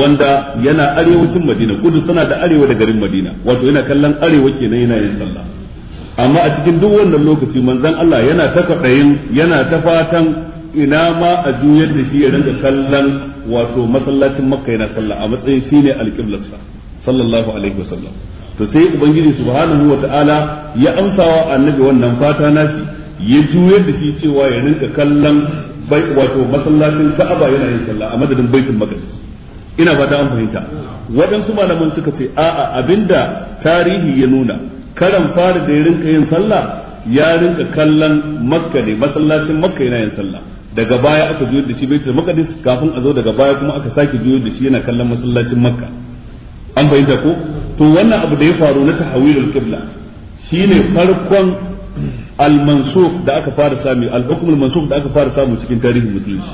wanda yana arewacin madina kudu tana da arewa da garin madina wato yana kallon arewa kenan yana yin sallah amma a cikin duk wannan lokaci manzon Allah yana ta yana ta fatan ina ma a juyar da shi ya rinka kallon wato masallacin makka yana sallah a matsayin shine alqiblarsa sallallahu alaihi wasallam to sai ubangiji subhanahu wataala ya amsawa annabi wannan fata nashi ya juyar da shi cewa ya rinka kallon bai wato masallacin Ka'aba yana yin sallah a madadin baitul maqdis ina fata an fahimta waɗansu malaman suka ce a'a abinda tarihi ya nuna karan fara da ya rinka yin sallah ya rinka kallon makka ne masallacin makka yana yin sallah daga baya aka juyar da shi baitul maqdis kafin a zo daga baya kuma aka sake juyar da shi yana kallon masallacin makka an fahimta ko to wannan abu da ya faru na tahawilul qibla shine farkon al-mansukh da aka fara sami al-hukm al-mansukh da aka fara samu cikin tarihin musulunci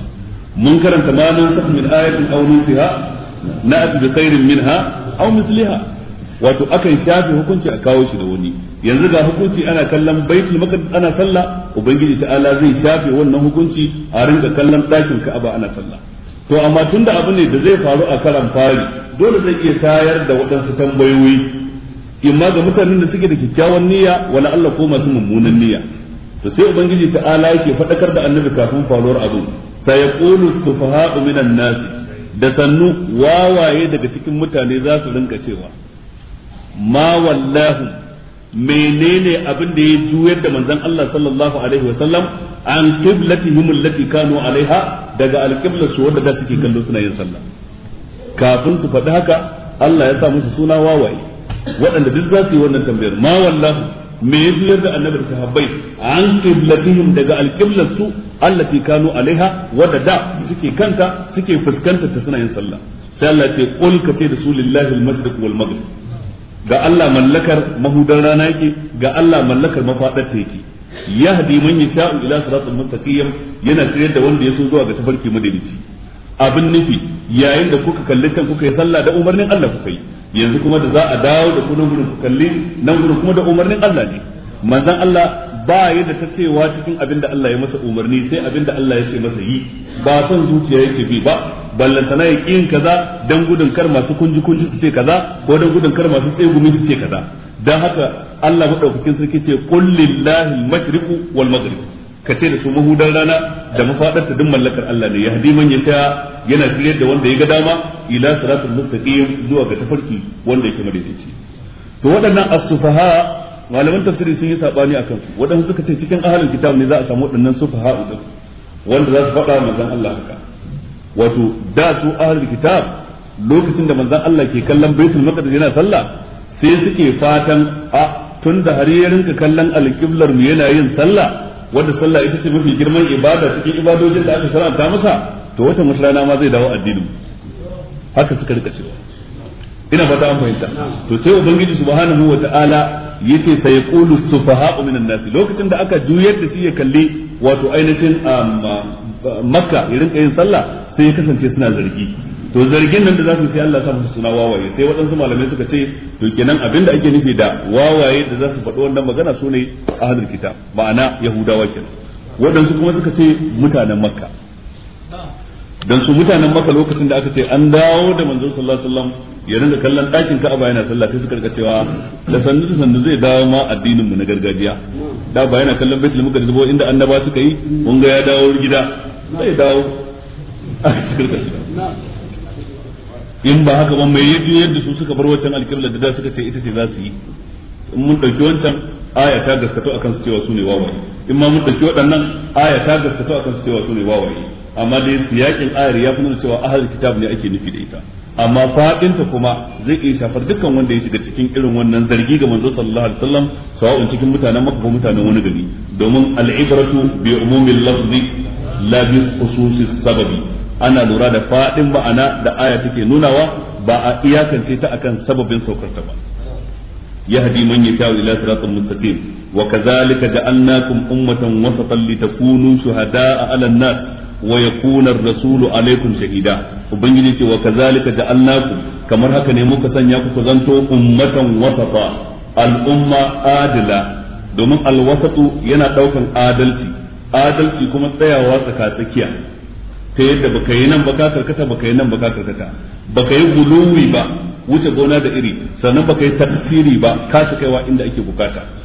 mun karanta ma nan min ayatin aw nusiha na'ti bi khairin minha aw misliha wato akan shafe hukunci a kawo shi da wani yanzu ga hukunci ana kallon baitul maqdis ana sallah ubangiji ta'ala zai shafe wannan hukunci a rinka kallon dakin ka'aba ana sallah to amma tunda abu ne da zai faru a karan fari dole zai iya tayar da waɗansu tambayoyi ma ga mutanen da suke da kyakkyawan niyya wala Allah ko masu mummunan niyya to sai ubangiji ta'ala yake faɗakar da annabi kafin faruwar abu sayaqulu tufaha'u minan nas da sannu wawaye daga cikin mutane za su rinka cewa ma wallahu menene abin da ya juyar da manzon Allah sallallahu alaihi wa sallam an qiblatihim allati kanu alaiha daga alqibla su wanda da suke kallo suna yin sallah kafin su faɗi haka Allah ya sa musu suna wawaye waɗanda duk za su yi wannan tambayar ma wallahu me ya juyar da annabi sahabbai an qiblatihim daga alqiblar su allati kanu alaiha wadda da suke kanta suke fuskanta ta suna yin sallah sai Allah ce qul ka fi rasulillahi almasjid wal maghrib ga Allah mallakar mahudan rana yake ga Allah mallakar mafadar ta yake yahdi man yasha'u ila siratal mustaqim yana sayar da wanda ya so zuwa ga tafarki madalici abin nufi yayin da kuka kalli kan kuka yi sallah da umarnin Allah kuka yi yanzu kuma da za a dawo da kunan gurin ku kalli nan gurin kuma da umarnin Allah ne manzon Allah ba ya da tacewa cikin abin da Allah ya masa umarni sai abin da Allah ya ce masa yi ba son zuciya yake bi ba ballantana ya yin kaza dan gudun kar masu kunji kunji su ce kaza ko dan gudun kar masu tsegumi su ce kaza dan haka Allah madaukakin sarki ce qul lillahi al-mashriqu wal maghrib ka ce da su mahudan rana da ta duk mallakar Allah ne yahdi man sha yana shirye da wanda ya ga dama ila siratul mustaqim zuwa ga tafarki wanda yake madaidaici to waɗannan as-sufaha malaman tafsiri sun yi sabani akan su waɗansu suka ce cikin ahalin kitab ne za a samu waɗannan sufaha din wanda za su faɗa manzon Allah haka wato da su ahlul kitab lokacin da manzon Allah ke kallon baitul maqdis yana sallah sai suke fatan a tun da har ya rinka kallon alƙiblar mu yana yin sallah wanda sallah ita ce mafi girman ibada cikin ibadojin da aka shar'anta masa to wata musulana ma zai dawo addinin haka suka rika cewa ina fata an fahimta to sai ubangiji subhanahu wata'ala yace sai qulu sufaha'u minan nasi lokacin da aka juyar da shi ya kalli wato ainihin um, makka ya rinka yin sallah sai ya kasance suna zargi to zargin nan da za su sai Allah sa musu suna wawaye sai waɗansu malamai suka ce to kenan abin da ake nufi da wawaye da za su faɗi wannan magana sune ahlul kitab ma'ana yahudawa kenan waɗansu kuma suka ce mutanen makka dan su mutanen Makka lokacin da aka ce an dawo da manzo sallallahu alaihi wasallam ya rinka kallon ɗakin Ka'aba yana sallah sai suka rika cewa da sannu da sannu zai dawo ma addinin mu na gargajiya da ba yana kallon Baitul Muqaddas ba inda annaba suka yi mun ga ya dawo gida zai dawo in ba haka ba mai yaji yadda su suka bar wancan alƙiblar da da suka ce ita ce za su yi in mun dauki wancan aya ta gaskato akan su cewa su ne wawaye in ma mun dauki waɗannan aya ta gaskato akan su cewa su ne wawaye amma dai yakin ayar ya fi nuna cewa ahal kitab ne ake nufi da ita amma fadinta kuma zai iya shafar dukkan wanda ya shiga cikin irin wannan zargi ga manzo sallallahu alaihi wasallam sawa'un cikin mutanen makka ko mutanen wani gari domin al'ibratu bi umumil lafzi la bi khususis sababi ana lura da fadin ma'ana da aya take nunawa ba a iyakance ta akan sababin saukarta ba yahdi man yasha'u ila siratal mustaqim wa kadhalika ja'alnakum ummatan wasatan litakunu shuhada'a 'alan nas wa yakuna ar-rasulu alaikum shahida ubangiji ce wa kazalika ja'alnakum kamar haka ne muka sanya ku ku zanto ummatan wasata al-umma adila domin al-wasatu yana daukan adalci adalci kuma tsayawa tsaka tsakiya ta yadda baka yi nan baka karkata baka yi nan baka karkata baka yi guluwi ba wuce gona da iri sannan baka yi tafsiri ba ka kaiwa inda ake bukata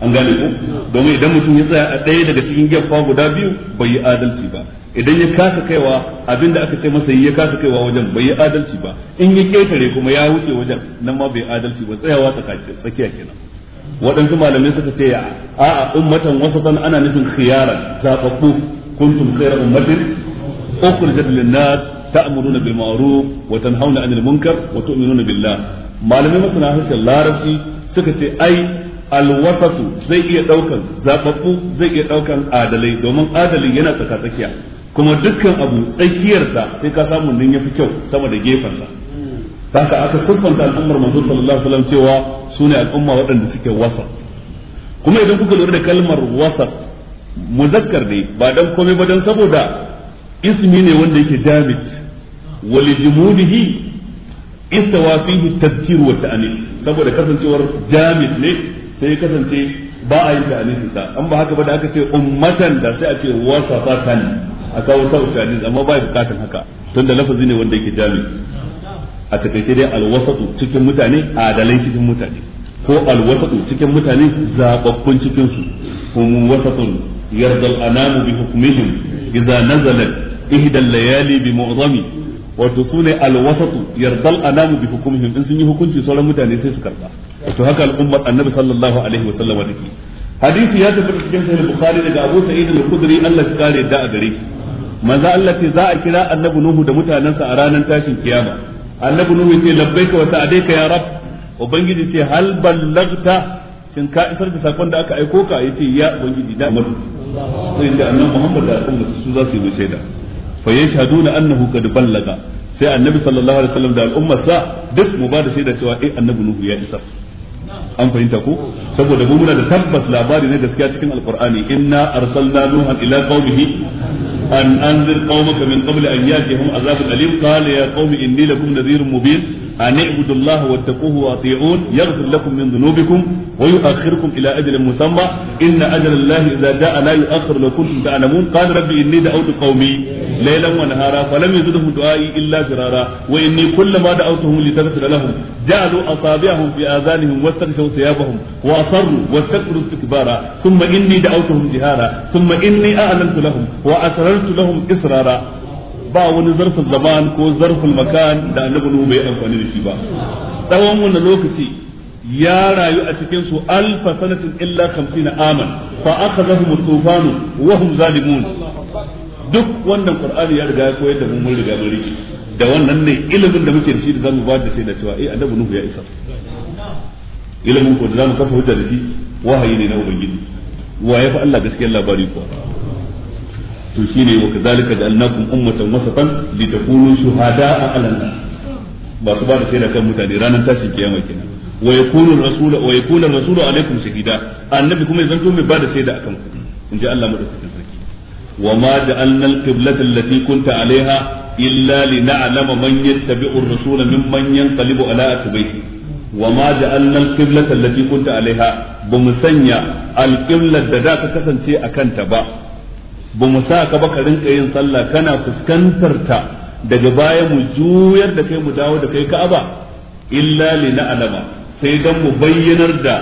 an gane ko domin idan mutum ya tsaya a ɗaya daga cikin gefa guda biyu bai yi adalci ba idan ya kasa kaiwa abin da aka ce masa yi ya kasa kaiwa wajen bai yi adalci ba in ya ketare kuma ya wuce wajen nan ma bai adalci ba tsayawa tsakiya kenan waɗansu malamai suka ce a'a ummatan wasatan ana nufin khiyaran zaɓaɓɓu kuntum khayra ummatin ukhrijat lin-nas تأمرون بالمعروف وتنهون عن المنكر وتؤمنون بالله malamai masana harshen larabci suka ce ai alwasatu zai iya daukan zababbu zai iya daukan adalai domin adalin yana tsaka tsakiya kuma dukkan abu tsakiyarsa sai ka samu nan yafi kyau sama da gefensa haka aka siffanta al'ummar manzo sallallahu alaihi wasallam cewa sune al'umma waɗanda suke wasa kuma idan kuka lura da kalmar wasa muzakkar ne ba dan komai ba dan saboda ismi ne wanda yake jamit walijumudihi istawa fihi tadhkir wa ta'nith saboda kasancewar jamit ne sai kasance ba a yi da anisi sa an ba haka ba da aka ce ummatan da sai a ce wasafatan a kawo ta uku amma ba bukatan haka da lafazi ne wanda yake jami a takaice dai alwasatu cikin mutane adalai cikin mutane ko alwasatu cikin mutane zababbun cikin su mun wasatun yardal anamu bi hukmihim idza nazalat ihdal layali bi mu'zami wato sune alwasatu yardal anamu bi hukmihim in sun yi hukunci sauran mutane sai su karba to haka al'ummar annabi sallallahu alaihi wa sallama take hadisi ya tafi cikin sahih bukhari daga abu sa'id al-khudri Allah ya kare da a gare shi manzo Allah ce za a kira annabi nuhu da mutanansa a ranar tashin kiyama annabi nuhu ya ce labbaika wa sa'adaika ya rab ubangiji ce hal ballagta shin ka isar da sakon da aka aiko ka yace ya ubangiji da mutu sai ce annabi Muhammad da al'umma su za su yi shaida fa yashhaduna annahu qad ballaga sai annabi sallallahu alaihi wasallam da al'umma sa duk mu ba da shaida cewa eh annabi nuhu ya isar an fahimta ko saboda mu muna da tabbas labari ne gaskiya cikin alqur'ani inna arsalna nuhan ila qaumihi an anzir qaumaka min qabli an yatihim azabun alim qala ya qaumi inni lakum nadhirun mubin أن اعبدوا الله واتقوه وأطيعون يغفر لكم من ذنوبكم ويؤخركم إلى أجل مسمى إن أجل الله إذا جاء لا يؤخر لو كنتم تعلمون قال ربي إني دعوت قومي ليلا ونهارا فلم يزدهم دعائي إلا فرارا وإني كلما دعوتهم لتغفر لهم جعلوا أصابعهم في آذانهم واستغشوا ثيابهم وأصروا واستكبروا استكبارا ثم إني دعوتهم جهارا ثم إني أعلنت لهم وأسررت لهم إسرارا ba wani zarfin zaman ko zarfin makan da annabi nuhu bai amfani da shi ba tsawon wannan lokaci ya rayu a cikin su alfa sanatin illa na aman fa akhadhahum tufanu wa hum zalimun duk wannan qur'ani ya riga ya koyar da mu mun riga mun riki da wannan ne ilimin da muke da shi da zamu ba da shaida cewa eh annabi nuhu ya isa ilimin ko da zamu kafa hujja da shi wahayi ne na ubangiji wa ya fa Allah gaskiyar labari kuwa to shine wa kazalika ja'alnakum ummatan wasatan litakunu shuhada'a 'alan nas ba su ba da sai da kan mutane ranar tashin kiyama kenan wa yakunu rasul wa yakunu rasulu alaikum shahida annabi kuma zan zanto mai ba da sai da akan ku inji Allah madaukakin sarki wa ma ja'alna al-qiblata allati kunta 'alaiha illa lina'lama man yattabi'u ar-rasula mimman yanqalibu ala atbayhi وما جعلنا القبلة التي كنت عليها بمسنيا القبلة دا كسنتي أكنت با ba mu sa ka ba ka rinka yin sallah kana fuskantar ta daga baya mu juyar da kai mu dawo da kai ka'aba illa li na'lama sai dan mu bayyanar da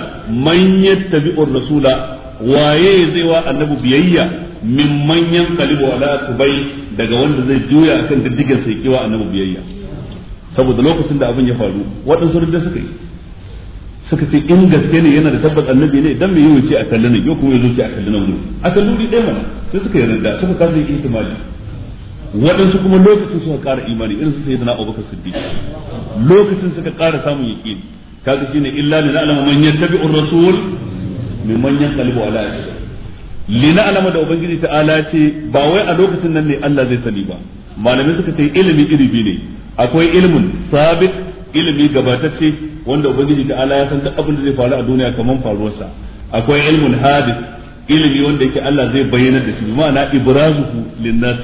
man yattabi'ur rasula waye zai wa annabi biyayya min manyan kalibu ala tubai daga wanda zai juya akan diddigin sai kiwa annabi biyayya saboda lokacin da abin ya faru waɗansu rudda suka yi suka ce in gaske ne yana da tabbas annabi ne dan me yi wuce a kallon yau kuma ya ce a kallon wuri a kallon wuri ɗaya mana sai suka yarda suka kasa yin ihtimali waɗansu kuma lokacin suka ƙara imani irin su sayyidina Abubakar Siddiq lokacin suka ƙara samun yaqini kaga shine illa lana alama man ar rasul man yanqalibu ala aqibihi lina alama da ubangiji ala ce ba wai a lokacin nan ne Allah zai sani ba malamai suka ce ilimi iri biyu ne akwai ilimin sabit ilimi gabatacce wanda ubangiji da Allah ya san duk abin da zai faru a duniya kaman faruwarsa akwai ilmun hadith ilimi wanda yake Allah zai bayyana da shi ma'ana ibrazuhu linnas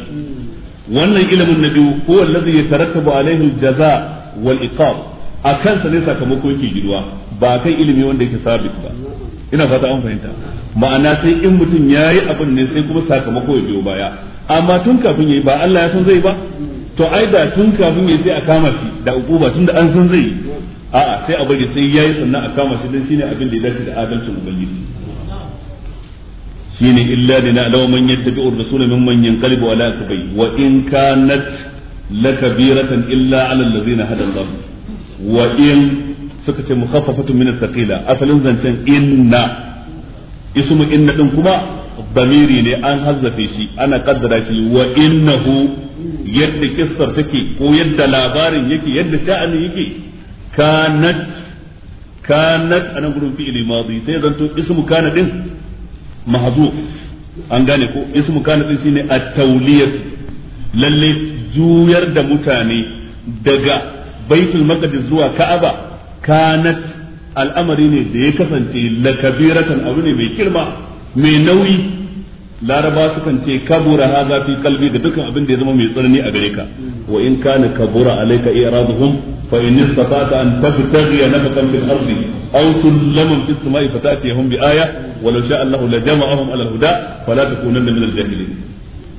wannan ilimin na biyu ko wallazi yatarattabu alaihi jaza wal iqab akan sa ne sakamako yake giduwa ba kan ilimi wanda yake sabit ba ina fata an fahimta ma'ana sai in mutum yayi abin ne sai kuma sakamako ya biyo baya amma tun kafin yayi ba Allah ya san zai ba to ai da tun kafin ya sai a kama shi da ukuba tun da an san zai a'a sai a bari sai yayi sannan a kama shi dan shine abin da ya dace da adalcin ubangiji shine illa lina law man yattabi'u ar-rasula mimman yanqalibu ala tabai wa in kanat lakabiratan illa ala allazina hada Allah wa in suka ce mukhaffafatun min thaqila asalin zancen inna ismu inna din kuma damiri ne an hazzafe shi ana kaddara shi wa innahu yadda kissar take ko yadda labarin yake yadda sha'ani yake kanat kanat anan gurin fi'ili madi sai zanto ismu kana din an gane ko ismu kana din shine at-tawliyat lalle juyar da mutane daga baitul maqdis zuwa ka'aba kanat al'amari ne da ya kasance lakabiratan abu ne mai kirma mai nauyi laraba sukan ce kabura hadha fi kalbi da dukkan abin da ya zama mai tsanani a gare ka wa in kana kabura alayka i'raduhum fa in istata'ta an tabtaghi nafaqan fil ardi aw sulaman fis sama'i fatatihum bi aya wa law sha'a Allahu la jama'ahum ala al-huda fala takunanna min al-jahilin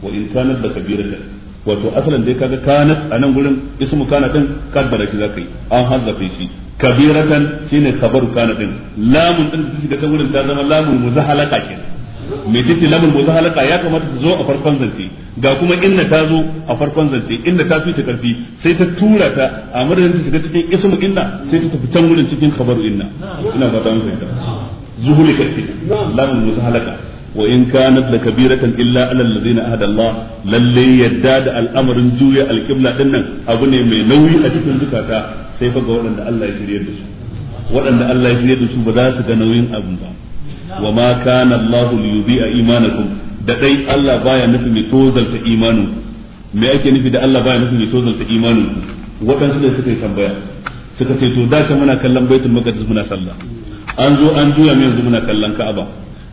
wa in kanat la kabiratan wato asalin dai kaga kanat a nan gurin ismu kana din kaddara shi zakai an hazzafe shi kabiratan shine kabaru kana din lamun din da ta gurin ta zama lamun muzahalaka kenan mai lamun lamul halaka ya kamata ta zo a farkon zance ga kuma inna ta zo a farkon zance inna ta fi karfi sai ta tura ta a madadin ta shiga cikin ismu inna sai ta tafi can wurin cikin khabaru inna ina ba ta mun fahimta zuhuli karfi lamul halaka wa in kanat la kabiratan illa alal ladina ahada Allah lalle yadda da al'amarin juya alqibla dinnan abu ne mai nauyi a cikin zukata sai fa ga waɗanda Allah ya shirye da su waɗanda Allah ya shirye da su ba za su ga nauyin abin ba wa ma kana Allah liyudhi'a imanakum da dai Allah baya nufin ya tozalta imanin me ake nufi da Allah baya nufin ya tozalta imanin waɗansu ne suka yi tambaya suka ce to da ka muna kallon baitul maqdis muna sallah an zo an juya mu yanzu muna kallon Ka'aba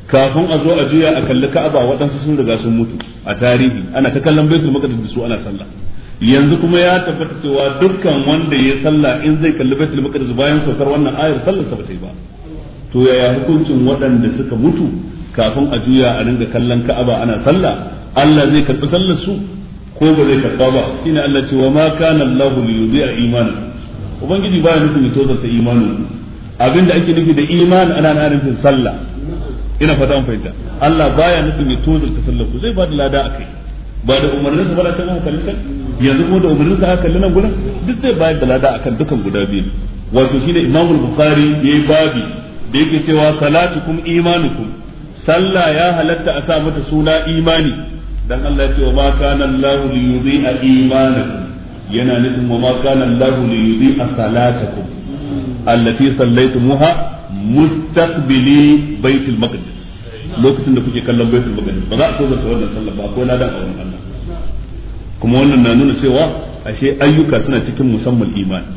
kafin a zo a juya a kalli Ka'aba waɗansu sun riga sun mutu a tarihi ana ta kallon baitul maqdis da su ana sallah yanzu kuma ya tabbata cewa dukkan wanda ya sallah in zai kalli baitul maqdis bayan saukar wannan ayar sallar sa ba ta yi ba to yaya hukuncin waɗanda suka mutu kafin a juya a ringa kallon ka'aba ana sallah Allah zai karɓi sallar su ko ba zai karɓa ba shine Allah ce wa ma kana Allah li a imana ubangiji baya nufin ya ta imanin abinda ake nufi da iman ana na nufin sallah ina fata an fahimta Allah baya nufin ya tozarta sallar ku zai ba da lada akai ba da umarnin sa ba da tana kallon yanzu kuma da umarnin sa aka kallon nan gurin duk zai bayar da lada akan dukan guda biyu wato shine Imam Bukhari yayi babi da yake cewa salatukum imanukum sallah ya halatta a sa mata suna imani dan Allah ya ce wa ma kana Allahu li yudhi'a imanakum yana nufin wa ma kana Allahu li yudhi'a salatakum allati sallaitumuha mustaqbili baitul maqdis lokacin da kuke kallon baitul maqdis ba za a tozarta wannan sallah ba akwai ladan a wurin Allah kuma wannan na nuna cewa ashe ayyuka suna cikin musamman imani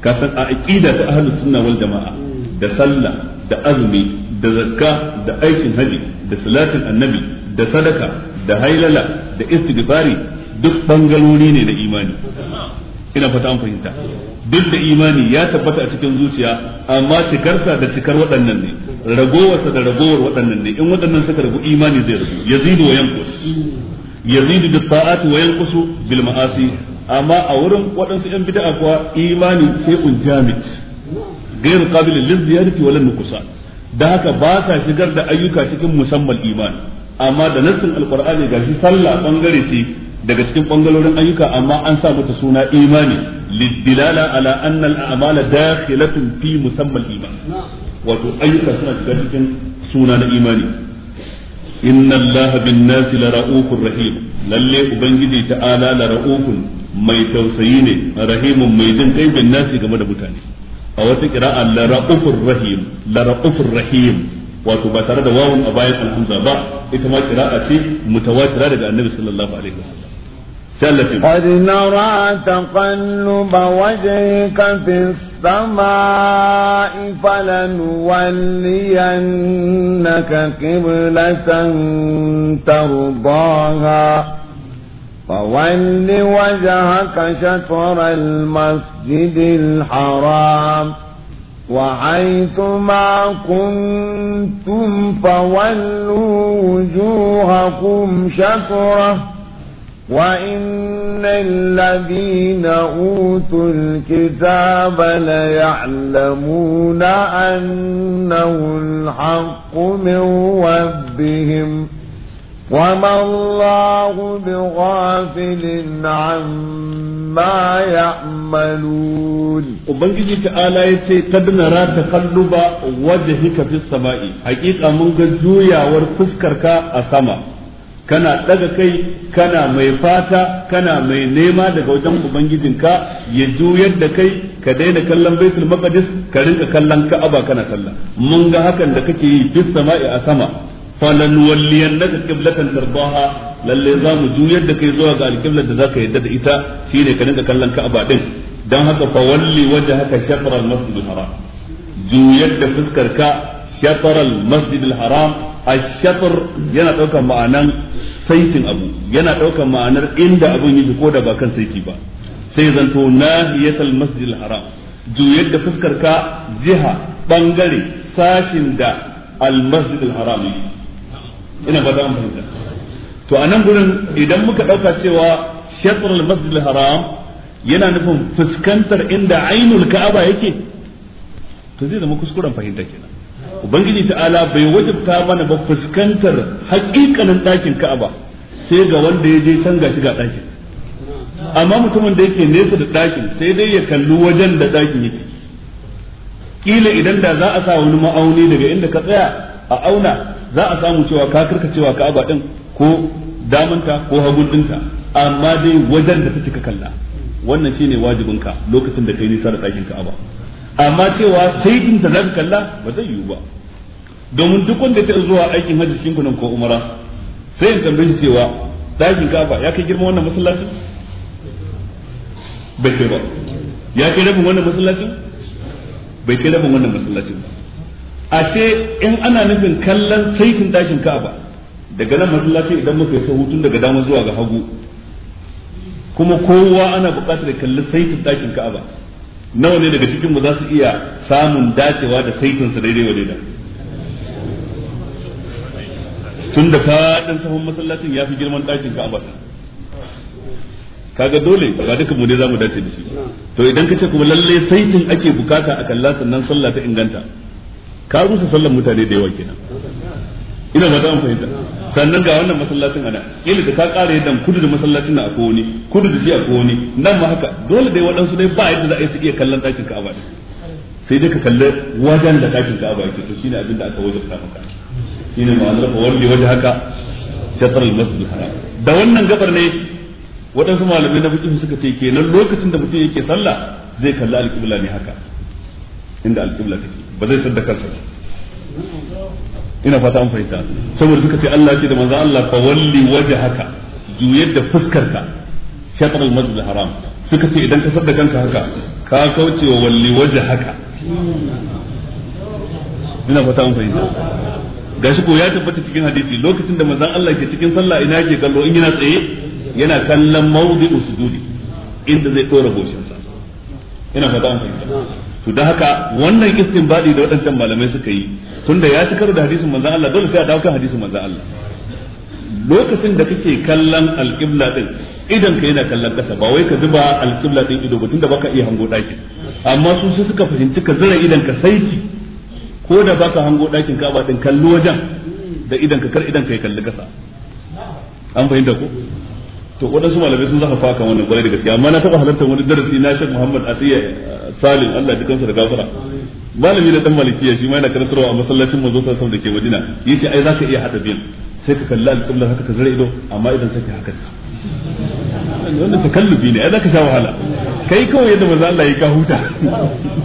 ka san a aqida ta ahlus sunna wal jamaa da sallah da azumi da zakka da aikin haji da salatin annabi da sadaka da hailala da istighfari duk bangalori ne da imani ina fata an fahimta duk da imani ya tabbata a cikin zuciya amma cikarsa da cikar waɗannan ne ragowarsa da ragowar waɗannan ne in waɗannan suka ragu imani zai ragu yazidu wa yanqus yazidu bi ta'ati wa yanqusu bil ma'asi amma a wurin waɗansu yan bid'a kuwa imani sai un jamit gairu qabilin lil ziyadati wal nuqsan dan haka ba sa shigar da ayyuka cikin musamman iman amma da nassin alqur'ani gashi sallah bangare daga cikin bangalorin ayyuka amma an sa mata suna imani lidilala ala anna al-a'mala dakhilatun fi musamman iman wato ayyuka suna shiga cikin suna na imani inna allaha bin nasi la ra'ufur rahim lalle ubangiji ta'ala la ra'ufun mai tausayi ne rahimun mai jin kai bin nasi game da mutane a wata qira'a la ra'ufur rahim la rahim wato ba tare da wawun a bayan alhamza ba ita ma a ce mutawatira daga annabi sallallahu alaihi wasallam قد نرى تقلب وجهك في السماء فلنولينك قبلة ترضاها فول وجهك شطر المسجد الحرام وحيث ما كنتم فولوا وجوهكم شطره وإن الذين أوتوا الكتاب ليعلمون أنه الحق من ربهم وما الله بغافل عما يعملون وبنجي تعالى يتي قد نرى تقلب وجهك في السماء حقيقة من جويا ورفسكرك أسما kana daga kai kana mai fata kana mai nema daga wajen ubangijinka ya juyar da kai ka daina kallon baitul maqdis ka rinka kallon ka'aba ga hakan da kake yi a sama falanuwalliyannaka qiblatan tardaha lalle za mu juyar da kai zuwa ga alqiblar da zaka yadda da ita shine ka dinga kallon Ka'aba din dan haka fa walli wajhaka shatr al-masjid al-haram juyar da fuskar ka shatr al-masjid al-haram ash-shatr yana daukar ma'anan saitin abu yana daukar ma'anar inda abun yake ko da ba kan saiti ba sai zanto nahiyatul masjid al-haram juyar da fuskar ka jiha bangare sashin da al-masjid al-haram ina ba za mu fahimta to a nan gurin idan muka ɗauka cewa shatar al-masjid haram yana nufin fuskantar inda ainul ka'aba yake to zai zama kuskuren fahimta kenan ubangiji ta'ala bai wajibta mana ba fuskantar hakikanin ɗakin ka'aba sai ga wanda ya je can ga shiga ɗakin amma mutumin da yake nesa da ɗakin sai dai ya kalli wajen da ɗakin yake kila idan da za a sa wani ma'auni daga inda ka tsaya a auna za a samu cewa ka karkacewa ka'aba din ko damanta ko hagun dinta amma dai wajen da ta cika kalla wannan shine wajibinka lokacin da kai nisa da ɗakin ka'aba amma cewa sai din ta zaka kalla ba zai yiwu ba domin duk wanda ta zuwa aikin hajji shin kunan ko umara sai in tambaye cewa ɗakin ka'aba ya kai girma wannan masallacin bai kai ba ya kai rabin wannan masallacin bai kai rabin wannan masallacin ba A ce in ana nufin kallon saitin dakin Ka'aba daga nan masallaci idan muka yi sahu tun daga dama zuwa ga hagu kuma kowa ana buƙatar kallon saitin dakin Ka'aba nawa ne daga cikin mu za su iya samun dacewa da saitin sa daidai wa daidai tun da faɗin sahun masallacin ya fi girman dakin Ka'aba kaga dole ba duka mu ne mu dace da shi to idan ka ce kuma lalle saitin ake bukata a kalla sannan sallah ta inganta ka rusa sallan mutane da yawa kenan ina ga za fahimta sannan ga wannan masallacin ana ila da ka kare yadda kudu da masallacin na akwai wani kudu da shi akwai wani nan ma haka dole dai waɗansu dai ba yadda za a yi su iya kallon ɗakin ka'aba din sai dai ka kalli wajen da ɗakin ka'aba yake to shine abin da aka wajabta maka shine ma'anar fa walli waje haka shatar al-masjid haram da wannan gabar ne waɗansu malamai na fiqh suka ce kenan lokacin da mutum yake sallah zai kalli al-qibla ne haka inda al-qibla take ba zai sadda kansa ina fata an fahimta saboda suka ce Allah ce da manzo Allah fa walli wajhaka juyar da fuskarka shatr al-masjid haram suka ce idan ka sadda kanka haka ka kauce wa walli wajhaka ina fata an fahimta gashi ko ya tabbata cikin hadisi lokacin da manzon Allah ke cikin sallah ina yake kallo in yana tsaye yana kallon mawdi'u sujudi inda zai dora goshin sa ina fata an fahimta to da haka wannan istinbadi da waɗancan malamai suka yi tunda ya cikar da hadisin manzon Allah dole sai a dawo kan hadisin manzon Allah lokacin da kake kallon alƙibla din idan ka yana kallon ƙasa ba wai ka zuba alƙibla din ido ba da baka iya hango ɗakin amma su sai suka fahimci ka zura idan ka saiki ko da baka hango ɗakin ka ba din kallo wajen da idan ka kar idan ka kalli ƙasa an fahimta ko to waɗansu malamai sun zaka faka wannan kwarai da gaske amma na taɓa halartar wani darasi na Sheikh Muhammad Atiya Salim Allah ya kansa da gafara malami da dan malikiya shi ma yana karantarwa a masallacin manzo sallallahu alaihi da ke Madina yace ai zaka iya hada biyan sai ka kalla al haka ka zare ido amma idan sai ka haka wannan takallubi ne ai zaka sha wahala kai kawai yadda manzo Allah ya ka huta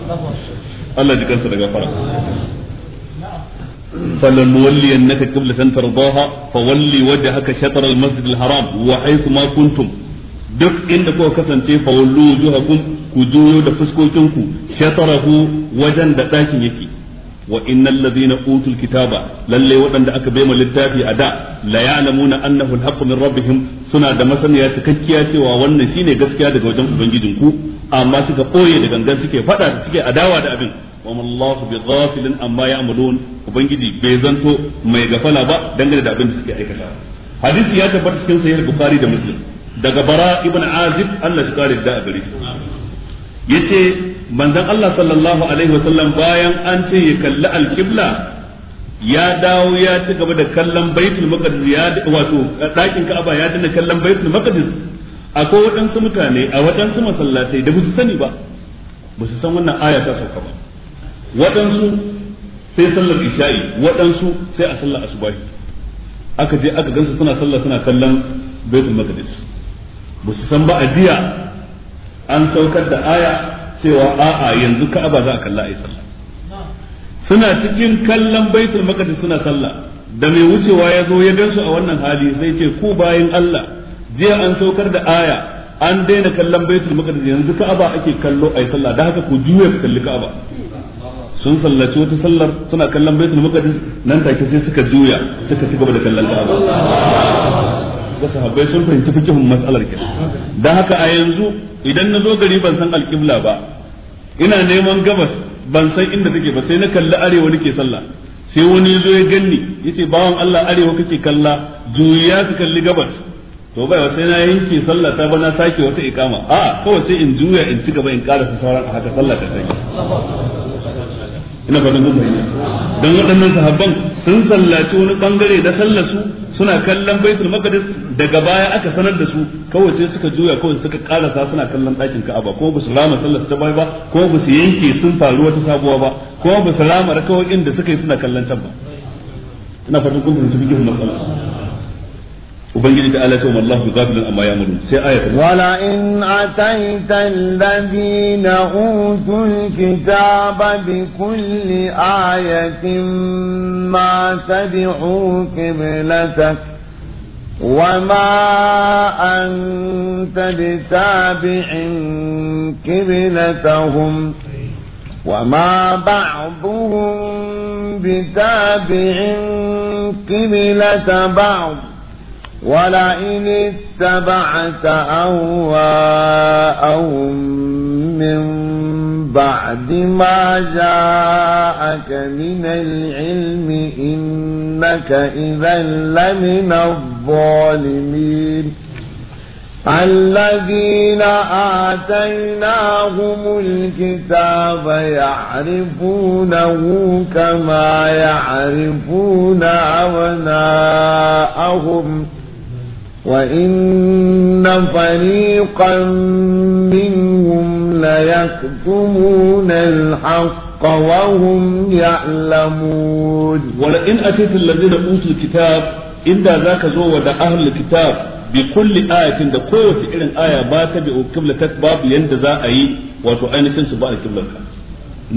Allah ya kansa da gafara فلنولينك قبلة ترضاها فولي وجهك شطر المسجد الحرام وحيث ما كنتم duk inda kuka kasance fa wallu wujuhakum ku juyo da fuskokinku shatarahu wajen da dakin yake wa innal ladina utul kitaba lalle waɗanda aka bai ma littafi a da la ya'lamuna annahu al min rabbihim suna da masaniya cikakkiya cewa wannan shine gaskiya daga wajen ubangijinku amma suka koye da gangan suke fada suke adawa da abin wa mallahu bi ghafilin amma ya'malun ubangiji bai zanto mai gafala ba dangane da abin da suke aikata hadisi ya tabbata cikin sahih bukhari da muslim daga bara ibn azib Allah shi kare da gare shi yace manzon Allah sallallahu alaihi wasallam bayan an ce ya kalli alqibla ya dawo ya ci gaba da kallon baitul maqdis ya wato dakin ka'aba ya kallon akwai waɗansu mutane a waɗansu masallatai da ba su sani ba ba su san wannan aya ta sauka ba waɗansu sai sallar isha'i waɗansu sai a sallar asubahi aka je aka gansu suna sallar suna kallon baitul maqdis ba su san ba a jiya an saukar da aya cewa a'a yanzu ka'aba za a kalla ayi sallah suna cikin kallon baitul maqdis suna sallah da mai wucewa ya zo ya gansu a wannan hali zai ce ku bayan Allah jiya an saukar da aya an daina kallon baitul maqdis yanzu ka'aba ake kallo yi sallah da haka ku juya ku kalli ka'aba sun sallaci wata sallar suna kallon baitul muqaddis nan take sai suka juya suka ci gaba da kallon ka'aba ga sahabbai sun fahimci fikihun mas'alar kenan dan haka a yanzu idan na zo gari ban san alqibla ba ina neman gabas ban san inda take ba sai na kalli arewa nake sallah sai wani zo ya ganni yace bawan Allah arewa kake kalla juya ka kalli gabas to bai sai na yanke sallah ta ba na sake wata ikama a'a kawai sai in juya in ci gaba in karasa sauran haka sallah ta sai ina ba nan zai dan waɗannan sahabban sun sallaci wani bangare da sallasu suna kallon baitul maqdis daga baya aka sanar da su kawai sai suka juya kawai suka karasa suna kallon ɗakin ka'aba ko ba su rama sallar ta baya ba ko ba su yanke sun faru wata sabuwa ba ko ba su rama rakawoyin da suka yi suna kallon can ba ina fatan kun fahimci bikin matsala ubangiji ta Allah cewa Allah gafilan amma ya muru sai ayat wala in ataita alladhina utul kitaba bi kulli ayatin ma tabi'u qiblatak وما أنت بتابع قبلتهم وما بعضهم بتابع قبلة بعض ولئن اتبعت أهواءهم من بعد ما جاءك من العلم إنك إذا لمن الظالمين الذين آتيناهم الكتاب يعرفونه كما يعرفون أبناءهم وإن فريقا منهم ليكتمون الحق وهم يعلمون ولئن أتيت الذين أوتوا الكتاب إن ذاك زود أهل الكتاب بكل آية da kowace irin aya ba ta bi kiblatak babu yanda za a yi wato ainihin su ba a kiblarka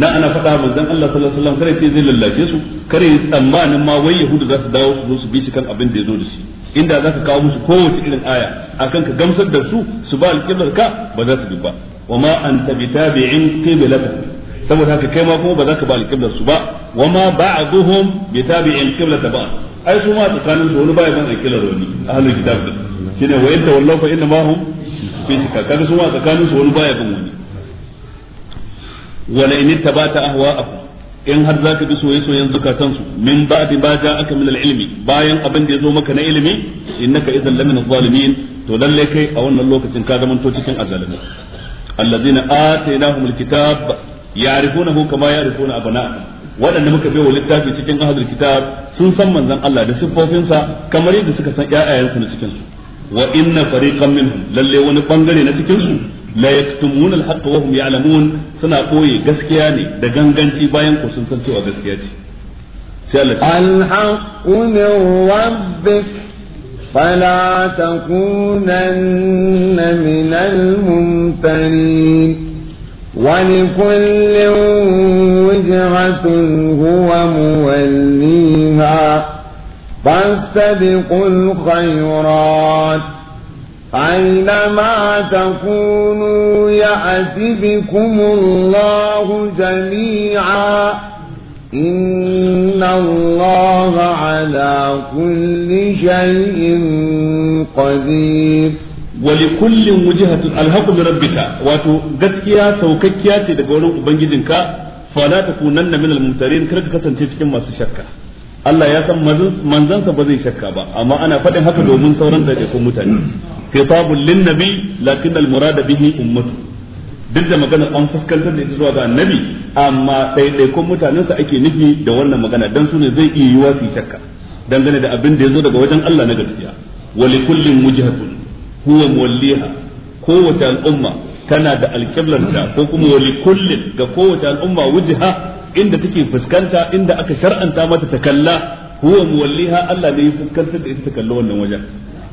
na ana faɗa manzon Allah sallallahu alaihi wasallam kare ce zai lallace su kare tsammanin ma wai yahudu za su dawo su zo su bi shi kan abin da ya zo da shi inda za ka kawo musu kowace irin aya akan ka gamsar da su su ba alƙiblar ka ba za su bi ba wa ma anta bitabi'in qiblatan saboda haka kai ma kuma ba za ka ba alƙiblar su ba wa ma bi bitabi'in qiblatan ba ai su ma tsakanin su wani baya ban alƙiblar wani ahlul kitab shine wa yanta wallahu fa inna ma hum fi shikka kaga su ma tsakanin su wani baya ban wani wala in tabata ahwa'akum in har zaka bi soyayyen zukatan su min ba'di ma ja'aka min al-ilmi bayan abin da yazo maka na ilimi innaka idan lamina zalimin to lalle kai a wannan lokacin ka zama to cikin azalimi allazina atainahumul kitab ya'rifunahu kama ya'rifuna abna'ahum waɗanda muka bai wa littafi cikin ahlul kitab sun san manzon Allah da siffofinsa kamar yadda suka san ƴaƴayensu na cikin su wa inna fariqan minhum lalle wani bangare na cikin su لا يكتمون الحق وهم يعلمون سنا قوي قسكياني دقنقنتي باين قرسن سنتي وقسكياتي الحق من ربك فلا تكونن من الممتنين ولكل وجهة هو موليها فاستبقوا الخيرات أينما تكونوا يأت بكم الله جميعا إن الله على كل شيء قدير ولكل وجهة الحق بربك واتو قتكيا سوككيا تدقولوا بنجدنك فلا تكونن من الممترين كرك كسنتي cikin masu shakka Allah ya san manzansa ba zai shakka ba amma ana faɗin haka domin sauran da mutane khitabun lin nabi lakin al murada ummatu duk da maganar an fuskantar da ita zuwa ga annabi amma ɗaiɗaikun mutanensa ake nufi da wannan magana dan su ne zai iya yiwa su shakka dangane da abin da ya zo daga wajen Allah na gaskiya wa li kullin mujhatun huwa muwalliha kowace al'umma tana da alƙiblarta ko kuma wa li kullin ga kowace al'umma wujha inda take fuskanta inda aka shar'anta mata ta kalla huwa muwalliha Allah ne ya fuskantar da ita ta kalla wannan wajen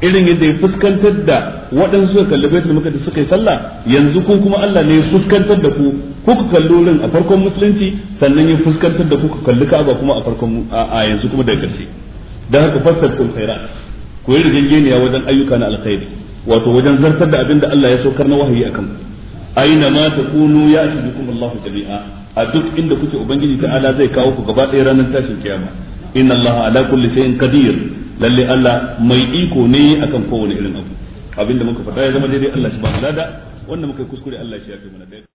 irin yadda ya fuskantar da waɗansu suka kalli baitul maqdis suka yi sallah yanzu ku kuma Allah ne ya fuskantar da ku kuka kalli wurin a farkon musulunci sannan ya fuskantar da ku ka kalli Ka'aba kuma a farkon a yanzu kuma daga ƙarshe dan haka fastatul khairat ku yi rigingeniya wajen ayyuka na alkhairi wato wajen zartar da abin da Allah ya saukar na wahayi akan ku aina ma takunu ya bikum Allahu jami'a a duk inda kuke ubangiji ta'ala zai kawo ku gaba ɗaya ranar tashin kiyama inna Allah ala kulli shay'in qadir lalle Allah mai iko ne akan kowane irin abu abinda muka fata ya zama daidai Allah shi ba mu lada wanda muka kuskure Allah shi ya fi mana daidai